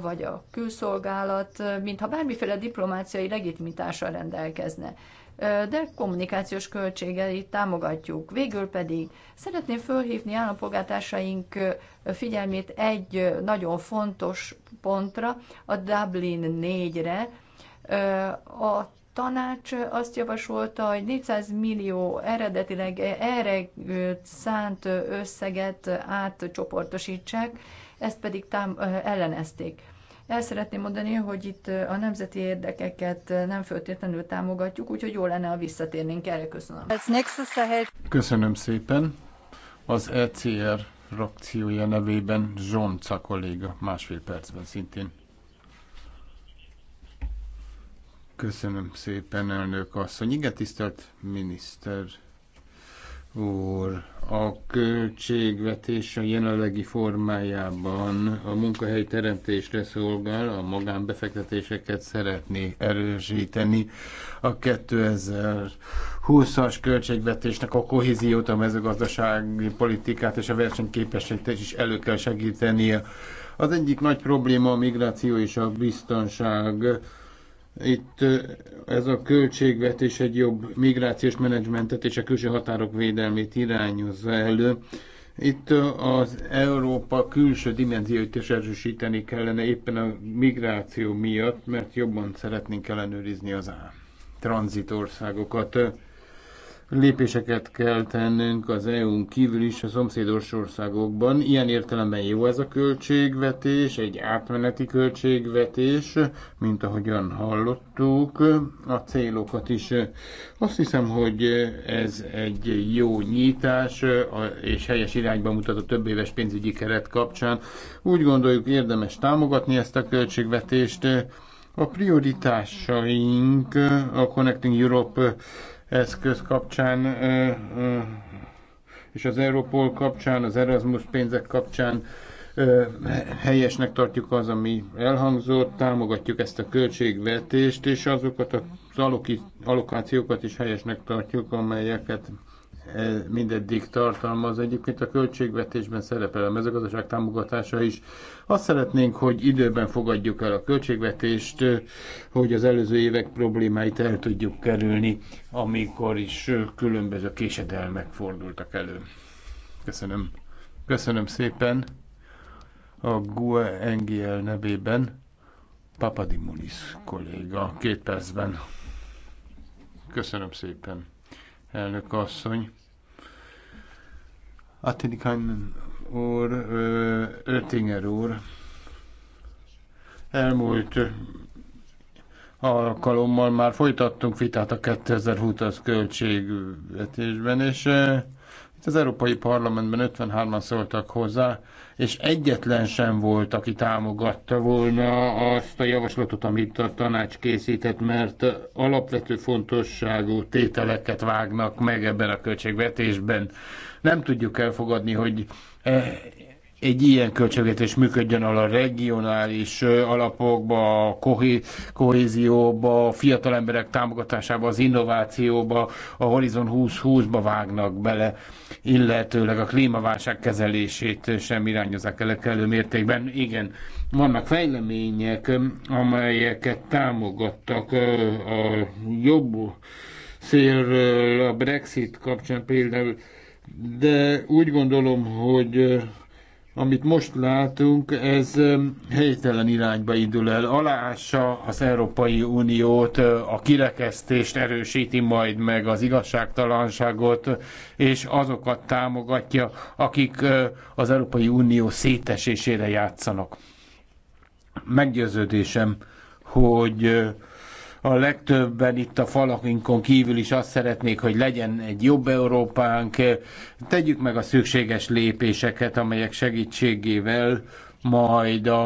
vagy a külszolgálat, mintha bármiféle diplomáciai legitimitásra rendelkezne. De kommunikációs költségeit támogatjuk. Végül pedig szeretném fölhívni állampolgártársaink figyelmét egy nagyon fontos pontra, a Dublin 4-re, a tanács azt javasolta, hogy 400 millió eredetileg erre szánt összeget átcsoportosítsák, ezt pedig tám- ellenezték. El szeretném mondani, hogy itt a nemzeti érdekeket nem föltétlenül támogatjuk, úgyhogy jó lenne, ha visszatérnénk erre. Köszönöm. Köszönöm szépen. Az ECR frakciója nevében Zsonca kolléga másfél percben szintén. Köszönöm szépen, elnök asszony. Igen, tisztelt miniszter úr, a költségvetés a jelenlegi formájában a munkahely teremtésre szolgál, a magánbefektetéseket szeretné erősíteni. A 2020-as költségvetésnek a kohéziót, a mezőgazdasági politikát és a versenyképességet is elő kell segítenie. Az egyik nagy probléma a migráció és a biztonság itt ez a költségvetés egy jobb migrációs menedzsmentet és a külső határok védelmét irányozza elő. Itt az Európa külső dimenzióit is erősíteni kellene éppen a migráció miatt, mert jobban szeretnénk ellenőrizni az tranzitországokat. országokat lépéseket kell tennünk az EU-n kívül is a szomszédos országokban. Ilyen értelemben jó ez a költségvetés, egy átmeneti költségvetés, mint ahogyan hallottuk, a célokat is. Azt hiszem, hogy ez egy jó nyitás és helyes irányba mutat a több éves pénzügyi keret kapcsán. Úgy gondoljuk érdemes támogatni ezt a költségvetést. A prioritásaink a Connecting Europe eszköz kapcsán, és az Europol kapcsán, az Erasmus pénzek kapcsán helyesnek tartjuk az, ami elhangzott, támogatjuk ezt a költségvetést, és azokat az alokációkat is helyesnek tartjuk, amelyeket E, mindeddig tartalmaz. Egyébként a költségvetésben szerepel a mezőgazdaság támogatása is. Azt szeretnénk, hogy időben fogadjuk el a költségvetést, e, hogy az előző évek problémáit el tudjuk kerülni, amikor is e, különböző késedelmek fordultak elő. Köszönöm. Köszönöm szépen a GUE NGL nevében Papadimulis kolléga két percben. Köszönöm szépen, elnök asszony. Attinikainen úr, Öttinger úr, elmúlt alkalommal már folytattunk vitát a 2020-as költségvetésben, és itt az Európai Parlamentben 53-an szóltak hozzá, és egyetlen sem volt, aki támogatta volna azt a javaslatot, amit a tanács készített, mert alapvető fontosságú tételeket vágnak meg ebben a költségvetésben. Nem tudjuk elfogadni, hogy e egy ilyen költségvetés működjön a regionális alapokba, a kohézióba, a fiatal emberek támogatásába, az innovációba, a Horizon 2020-ba vágnak bele, illetőleg a klímaválság kezelését sem irányozzák el kellő mértékben. Igen, vannak fejlemények, amelyeket támogattak a jobb szélről a Brexit kapcsán például, de úgy gondolom, hogy amit most látunk, ez helytelen irányba indul el. Aláássa az Európai Uniót, a kirekesztést erősíti majd meg az igazságtalanságot, és azokat támogatja, akik az Európai Unió szétesésére játszanak. Meggyőződésem, hogy a legtöbben itt a falakinkon kívül is azt szeretnék, hogy legyen egy jobb Európánk. Tegyük meg a szükséges lépéseket, amelyek segítségével majd a